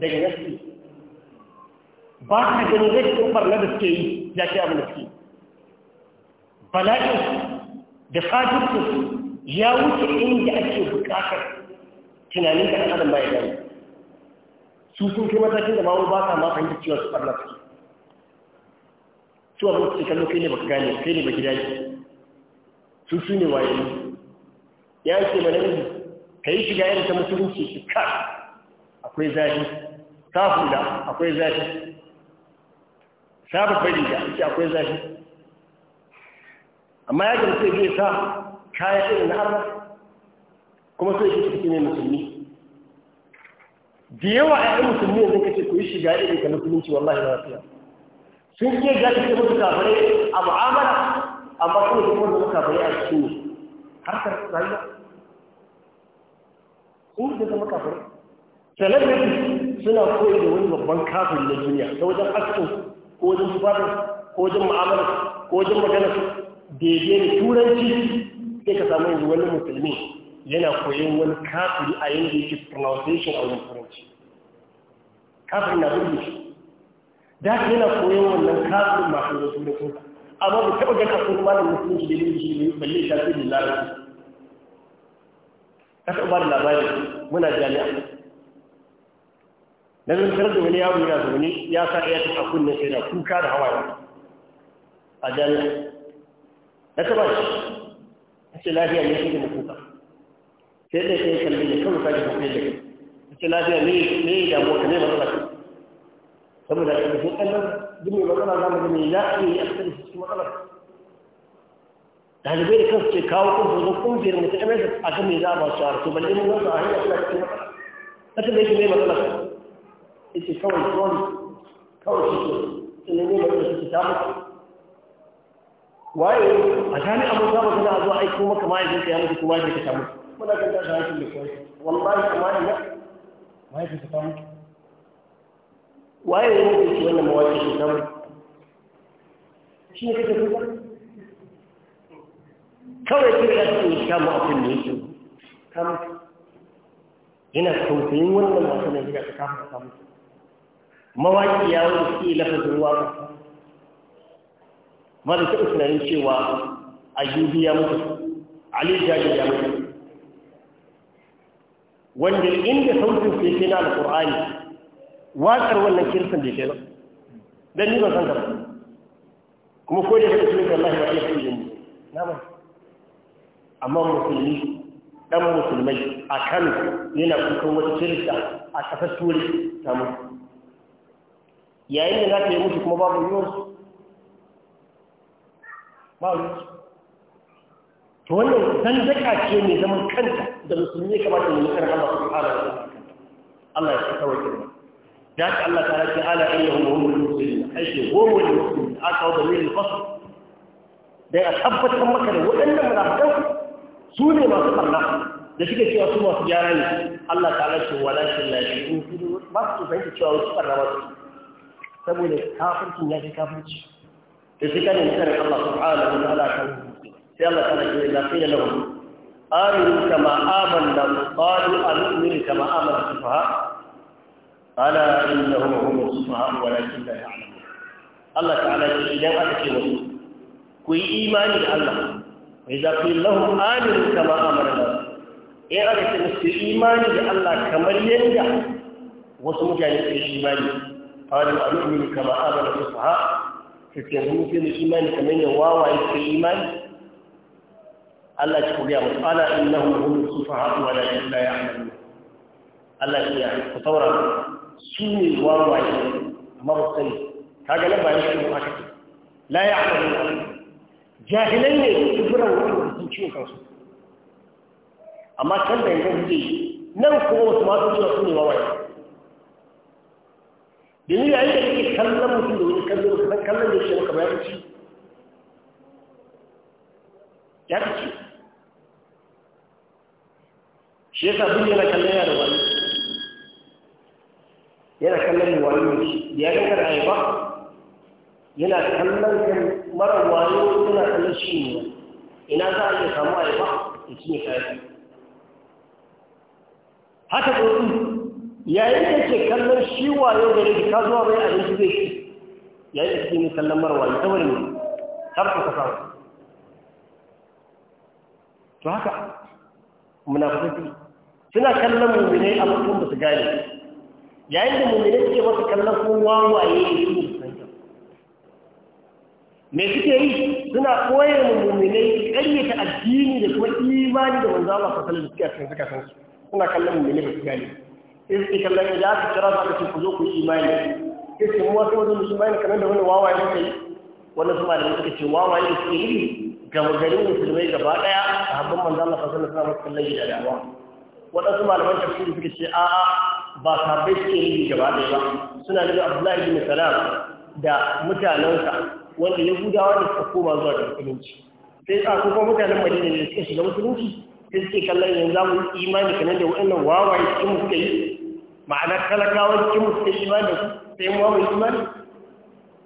daga nasu ba a ganin rashin barna da suke yi ya ce abin da suke bala'in da fatin ya wuce inda ake bukatar tunanin da adam baya gani su sun kai matakin da ma ba ta ma fahimta cewa su barna suke su abin su kallo kai ne baka gane kai ne baki daji su su ne waye ne. ya ce mana ne ka yi shiga irin ta musulunci shi ka akwai zafi ta da, akwai zafi ta fari da ake akwai zafi amma ya gamsu zai sa kaya irin na arna kuma sai shi ciki ne musulmi da yawa a yan musulmi yanzu kace ku yi shiga irin ka musulunci wallahi na wasu sun iya ga cikin mutu kafare a mu'amala amma kuma ke wanda kafare a cikin harkar rayuwa sun da zama kafare celebrity suna koyi da wani babban kafin na duniya ta wajen askin ko wajen tufafin ko wajen mu'amala, ko wajen maganar daidai da turanci sai ka samu yanzu wani musulmi yana koyon wani kafiri a yanzu, yake pronunciation a wani turanci kafiri na burge shi da haka yana koyon wannan kafirin masu da turancin amma ba taɓa akwai kuma da musulunci da yin shi balle shafi da larabci ka taɓa ba da labari muna jami'a na zantar da wani yaro yana zaune ya sa iya taɓa kunnen sai na kuka da hawaye a jami'a na taɓa shi ta ce lafiya ne shi da kuka sai ɗaya sai ya kalli ne kawai sake kuka da kai ta ce lafiya ne ne ya damu wata ne matsala ce saboda a ƙarshen ƙallon duk mai matsala za mu ga mai za a yi a cikin cikin matsalar ɗalibai da kansu ce kawo kunsu zan kungiyar mutum a kan mai za a ba su a rasu bal ilimin wasu a hanyar suna cikin matsala ta ce mai shi mai matsala yace kawai kawai kawai shi ke ne ta mutu waye a jami'a mun kamar kuma ka samu muna kan tashi hankali da kawai wallahi kuma ka samu waye ne ke samu shi ne kake kuka kawai kira ya ce ka mu abin ne yake kam yana tausayin wannan masu ne ka kafa samu mawaki ya rufe lafazin waƙa mara taɓa tunanin cewa a ya mutu ali jaji ya mutu wanda inda sautin sai ke na alƙur'ani waƙar wannan kirsan da ke nan don ni san ta kuma ko da suka tunanin Allah ya iya yi yin na ba amma musulmi dan musulmai a kan yana kukan wata kirista a ƙasar Turai ta mutu yayin da za ta yi musu kuma babu ruwansu babu ruwansu to wannan zanzaka ce mai zaman kanta da musulmi ya kamata mu kar Allah su wa da Allah ya kawai kirma da haka Allah ta rafi ala innahum humul muslimin ai ce da ne da aka da mai fasl da ya tabbatar maka da waɗannan munafikan su ne masu barna da suke cewa su masu gyara ne Allah ta rafi wala shi la shi in ba su fahimta cewa wasu barna ba su saboda kafircin ya fi kafirci da su kanin tsarin Allah subhanahu wa ta'ala kan sai Allah ta'ala ke da sai da lahu aminu kama amanna qalu anu'minu kama amana sufaha ala innahum hum sufaha walakin ya ya'lamun Allah ta'ala ce idan aka ce musu ku yi imani da Allah Mai za ku yi lahu aminu kama amana in aka ce musu imani da Allah kamar yadda wasu mutane yi imani qalu anu'minu kama amana su ha kace mun fi imani kamar ya wawaye ke imani Allah ya kuga mu ala innahum hum sufaha wa ya Allah ya ku taura su ne wawaye amma ba sai kaga nan ba shi mu aka ce la ya'lamun ne kubran wa sun kansu amma kan da yanzu nan kuma wasu su ne wawaye da yi yayin da yake kallon mutum da wani kallon mutum don kallon da shi kamar ya ci ya fi ci shi yasa duk yana kallon yana da wani yana kallon wani shi da ya kanka da ba yana kallon kan mara wani yana kallon shi ne ina za a iya samu ba da shi ne kayan haka tsoron yayin da ke kallon shi wayo gare ki ka zuwa mai abinci zai ci yayin da ni kallon marwa ita wani ne har ka kasa to haka muna munafiki suna kallon mu'mine a mutum ba su gane yayin da mu'mine suke masa kallon kun wawaye ne su san ta me suke yi suna koyar mu mu'mine ƙaryata addini da kuma imani da wanzama Allah sallallahu alaihi wasallam cikin suka san suna kallon mu'mine ba su gane in su kalla ya ta kira su aka ce ku zo ku yi imani in su kuma su wajen musulmai kamar da wani wawaye suka yi wannan su malamai suka ce wawaye da suke yi gama garin musulmai gaba daya a habban manzo Allah sallallahu alaihi wasallam kallon da dawa wadansu malaman tafsiri suka ce a'a ba sahabbai suke yi gaba daya ba suna da Abdullahi bin Salam da mutanensa wanda Yahudawa ne suka koma zuwa ga musulunci sai a kuma mutanen Madina ne suka shiga musulunci sai suke kallon yanzu za mu imani kanan da waɗannan wawaye cikin mu suka yi ma'anar talakawa cikin mu yi imani da sai mu wawaye imani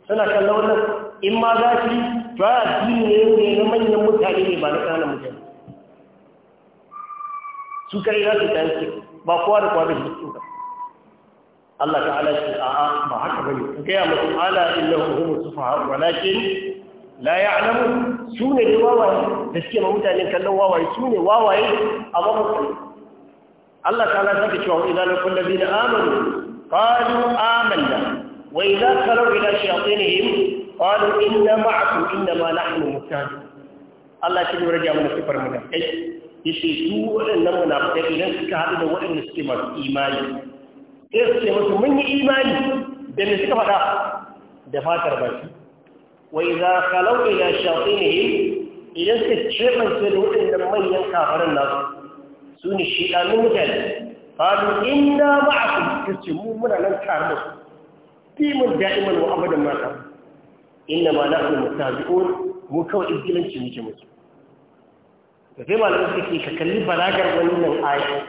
suna kallon wannan in ma za su yi to a addini ne ne na manyan mutane ne ba na ƙananan mutane su kare za su tayi su ba kowa da kowa da shi su ba Allah ta'ala shi a'a ba haka bane gaya mutum ala illahu humu sufaha walakin la ya'lamu su ne da wawaye da suke ma mutane kallon wawaye su ne wawaye a mamakon Allah ta'ala ta ce cewa idan lakun da zina amanu qalu amanna wa idan kalau ila shayatinihim qalu inna ma'akum inna ma nahnu mutane. Allah ya lura da mu sifar mu da kai yace su waɗannan munafikai idan suka haɗu da waɗanda suke masu imani sai su ce musu mun yi imani da me suka faɗa da fatar ba shi. wa'iza kalau ila shafi ne idan ka cebanta da waɗanda manyan kafarin nan su ne shi ɗanin mutane faɗin ina ba a kuma kirce mu muna nan tare da su timon da'iman wa abadan mata ina ma na kuma ta zuɓo mu kawai ingilanci muke musu da zai malar da ke ka kalli balagar wani nan aya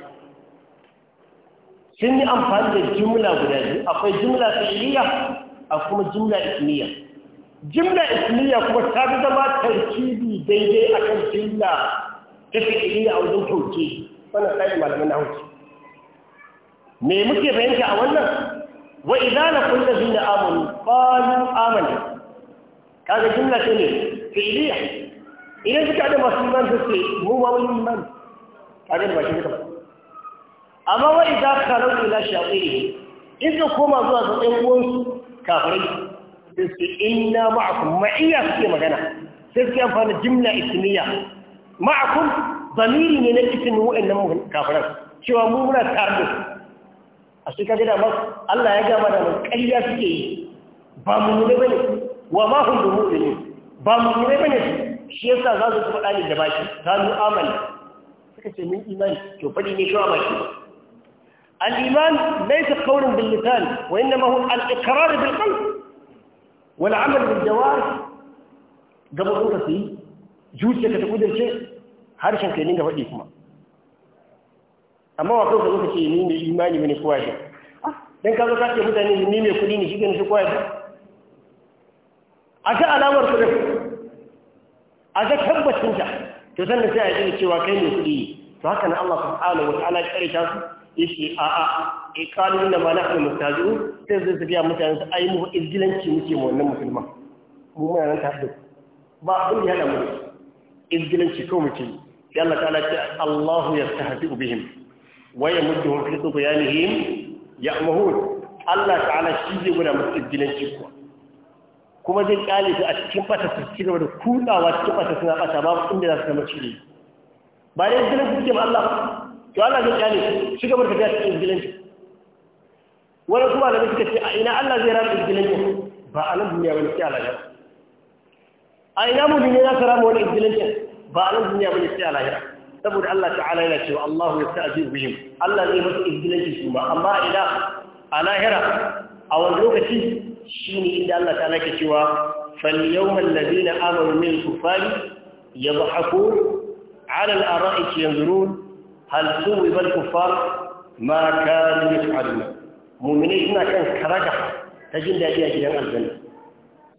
sun yi amfani da jumla guda biyu akwai jimla ta akwai kuma jimla ikimiyya jimla ismiya kuma ta fi zama tarkibi daidai a kan jimla ta fi'iliya a wajen kyauce wannan tsari Malamin na hauki me muke fahimta a wannan wa idza la kullu zina amanu kwanu Amani. kaga jimla ta ne fi'iliya idan suka da masu iman su ce mu ma wani iman kaga ba shi ba amma wa idza karar ila ne, in ka koma zuwa ga ɗan uwansu kafirai sai su inna ma'akum suke magana sai suke amfani jimla ismiya ma'akum zamiri ne na isin wa'annan kafiran cewa mu muna tare da su a shi kaga da Allah ya gama da ƙarya suke yi ba mu ne bane wa ma hum bi mu'minin ba mu ne bane shi yasa za su faɗa ne da baki mu amana suka ce min imani to faɗi ne shawa baki al-iman laysa qawlan bil lisan wa innama huwa al-iqrar bil qalb والعمل بالجوارح gaba ɗinka su yi zuciya ta kudurce harshen kai dinga faɗi kuma amma wa kanka zuka ni mai imani ne ka ce mutane ne mai kuɗi ne shi shi kowa a ga alamar kuɗin a ga tabbacin ta to sai a yi cewa kai mai kuɗi to haka na Allah subhanahu wa ta'ala ya tsare su yace a a ikalu eh, da ma na'ar mustazu sai zai tafiya mutane su ai muku izgilanci muke mu wannan musulman mu muna nan duk ba abin da ya damu izgilanci ko muke sai Allah ta'ala ce Allahu yastahzi bihim wa yamudduhum fi tughyanihim ya'mahun Allah ta'ala shi zai gura musu izgilanci kuwa kuma zai kyale su a cikin fata su ci gaba da kudawa cikin fata suna fata ba inda za su zama cire ba dai izgilanci suke ma Allah to Allah zai kyale su shiga gaba da cikin izgilanci wani kuma malamai suka ce a ina Allah zai rama izgilancin ba a nan duniya bane sai a lahira a ina mu ne za ka rama wani izgilancin ba a nan duniya bane sai a lahira saboda Allah ta'ala yana cewa Allahu yasta'zi bihim Allah zai musu izgilancin su ba amma ina a lahira a wani lokaci shi ne inda Allah ta nake cewa falyawman ladina amanu min kufari yadhaku ala al-ara'ik yanzurun hal suwiba al-kuffar ma ka kanu yaf'alun muminai suna kan karaga ta jin daɗi a gidan aljanna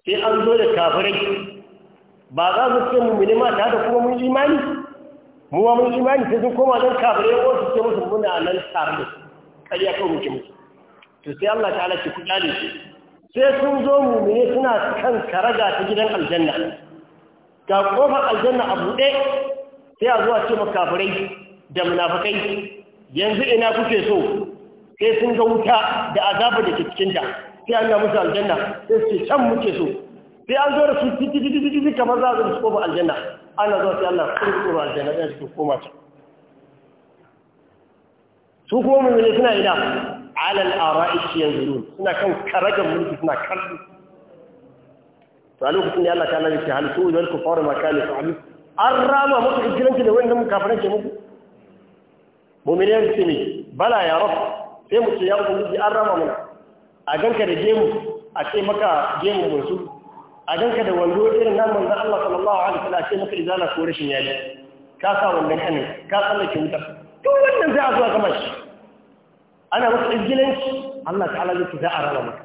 sai an zo da kafirai ba za su ce muminai ma ta da kuma mun imani mu ma mun imani sai sun koma don kafirai ko su ce musu muna nan tare da su ƙarya kan muke musu to sai Allah ta'ala ce ku dale su sai sun zo muminai suna kan karaga ta gidan aljanna ga kofar aljanna a buɗe sai a zuwa ce makafirai da munafakai yanzu ina kuke so sai sun ga wuta da azaba da ke cikinta sai an ga musu aljanna sai su can muke so sai an zo da su titi kamar za su su koma aljanna ana zuwa sai Allah sun koma aljanna sai su koma ta su kuma mummune suna ina alal yanzu yanzurun suna kan karagan mulki suna kallo to a lokacin da Allah ta Allah shi ce hal su fara kufar ma kanu fa'alu an rama muku ikiranci da wannan ke muku mummune su ne bala ya rabu sai mu ce ya ubangiji an rama mana a ganka da gemu a ce maka gemu musu a ganka da wando irin nan manzon Allah sallallahu alaihi wasallam a ce maka izala ko rashin yali ka sa wannan kanin ka tsallake wuta to wannan zai a kamar shi ana masa izgilanci Allah ta'ala zai za a rama maka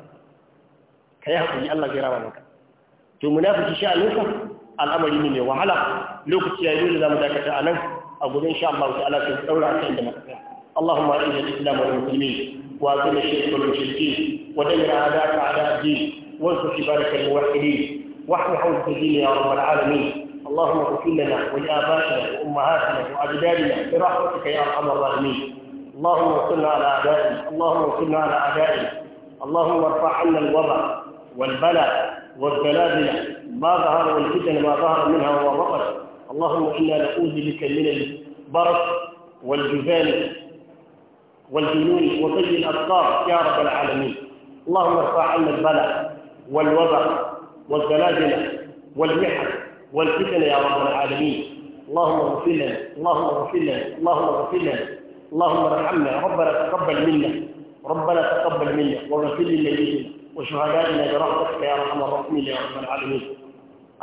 kai hakuri Allah zai rama maka to munafiki sha'aninsa al'amari ne mai wahala lokaci ya yi dole zamu dakata anan a gurin sha Allah ta'ala sai daura ta inda muka tsaya اللهم اعز الاسلام والمسلمين واذل الشرك والمشركين ودمر اعداءك اعداء الدين وانصر عبادك الموحدين واحم حوزه الدين يا رب العالمين اللهم اغفر لنا ولابائنا وامهاتنا واجدادنا برحمتك يا ارحم الراحمين اللهم انصرنا على اعدائنا اللهم انصرنا على اعدائنا اللهم ارفع عنا الوضع والبلاء والزلازل ما ظهر والفتن ما ظهر منها وما بطن اللهم انا نعوذ بك من البرد والجبال والجنون وطي الأبصار يا رب العالمين اللهم ارفع عنا البلاء والوضع والزلازل والمحن والفتن يا رب العالمين اللهم اغفر لنا اللهم اغفر لنا اللهم اغفر لنا اللهم ارحمنا ربنا تقبل منا ربنا تقبل منا واغفر للميتين وشهدائنا برحمتك يا ارحم الراحمين يا رب العالمين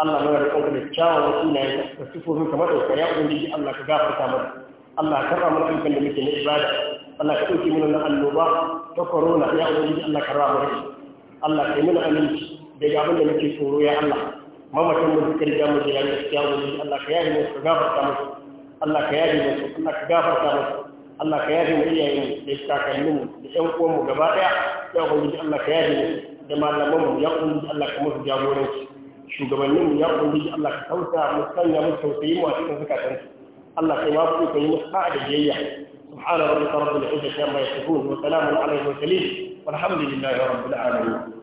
الله mai rikon da kyawawan sunayen da منك kamar da ya ubangiji Allah ka gafarta mana Allah ka karɓa Allah ka ɗauki mana annoba ta corona ya ubangiji Allah ka rama rashi Allah ka yi mana aminci da ga abin da muke tsoro ya Allah mamatan mu suka da mu jira da ya ubangiji Allah ka yaji musu ka gafarta musu Allah ka yaji musu Allah ka gafarta musu Allah ka yaji mu mu da kakannin mu da ƴan uwan mu gaba ɗaya ya ubangiji Allah ka yaji mu da malaman mu ya ubangiji Allah ka musu jagoranci shugabannin mu ya ubangiji Allah ka kauta mu sanya mu tausayi mu a cikin zukatansu Allah yi ma ku kai mu sa'a da biyayya سبحان ربك رب العزة عما يصفون وسلام عليه المرسلين والحمد لله رب العالمين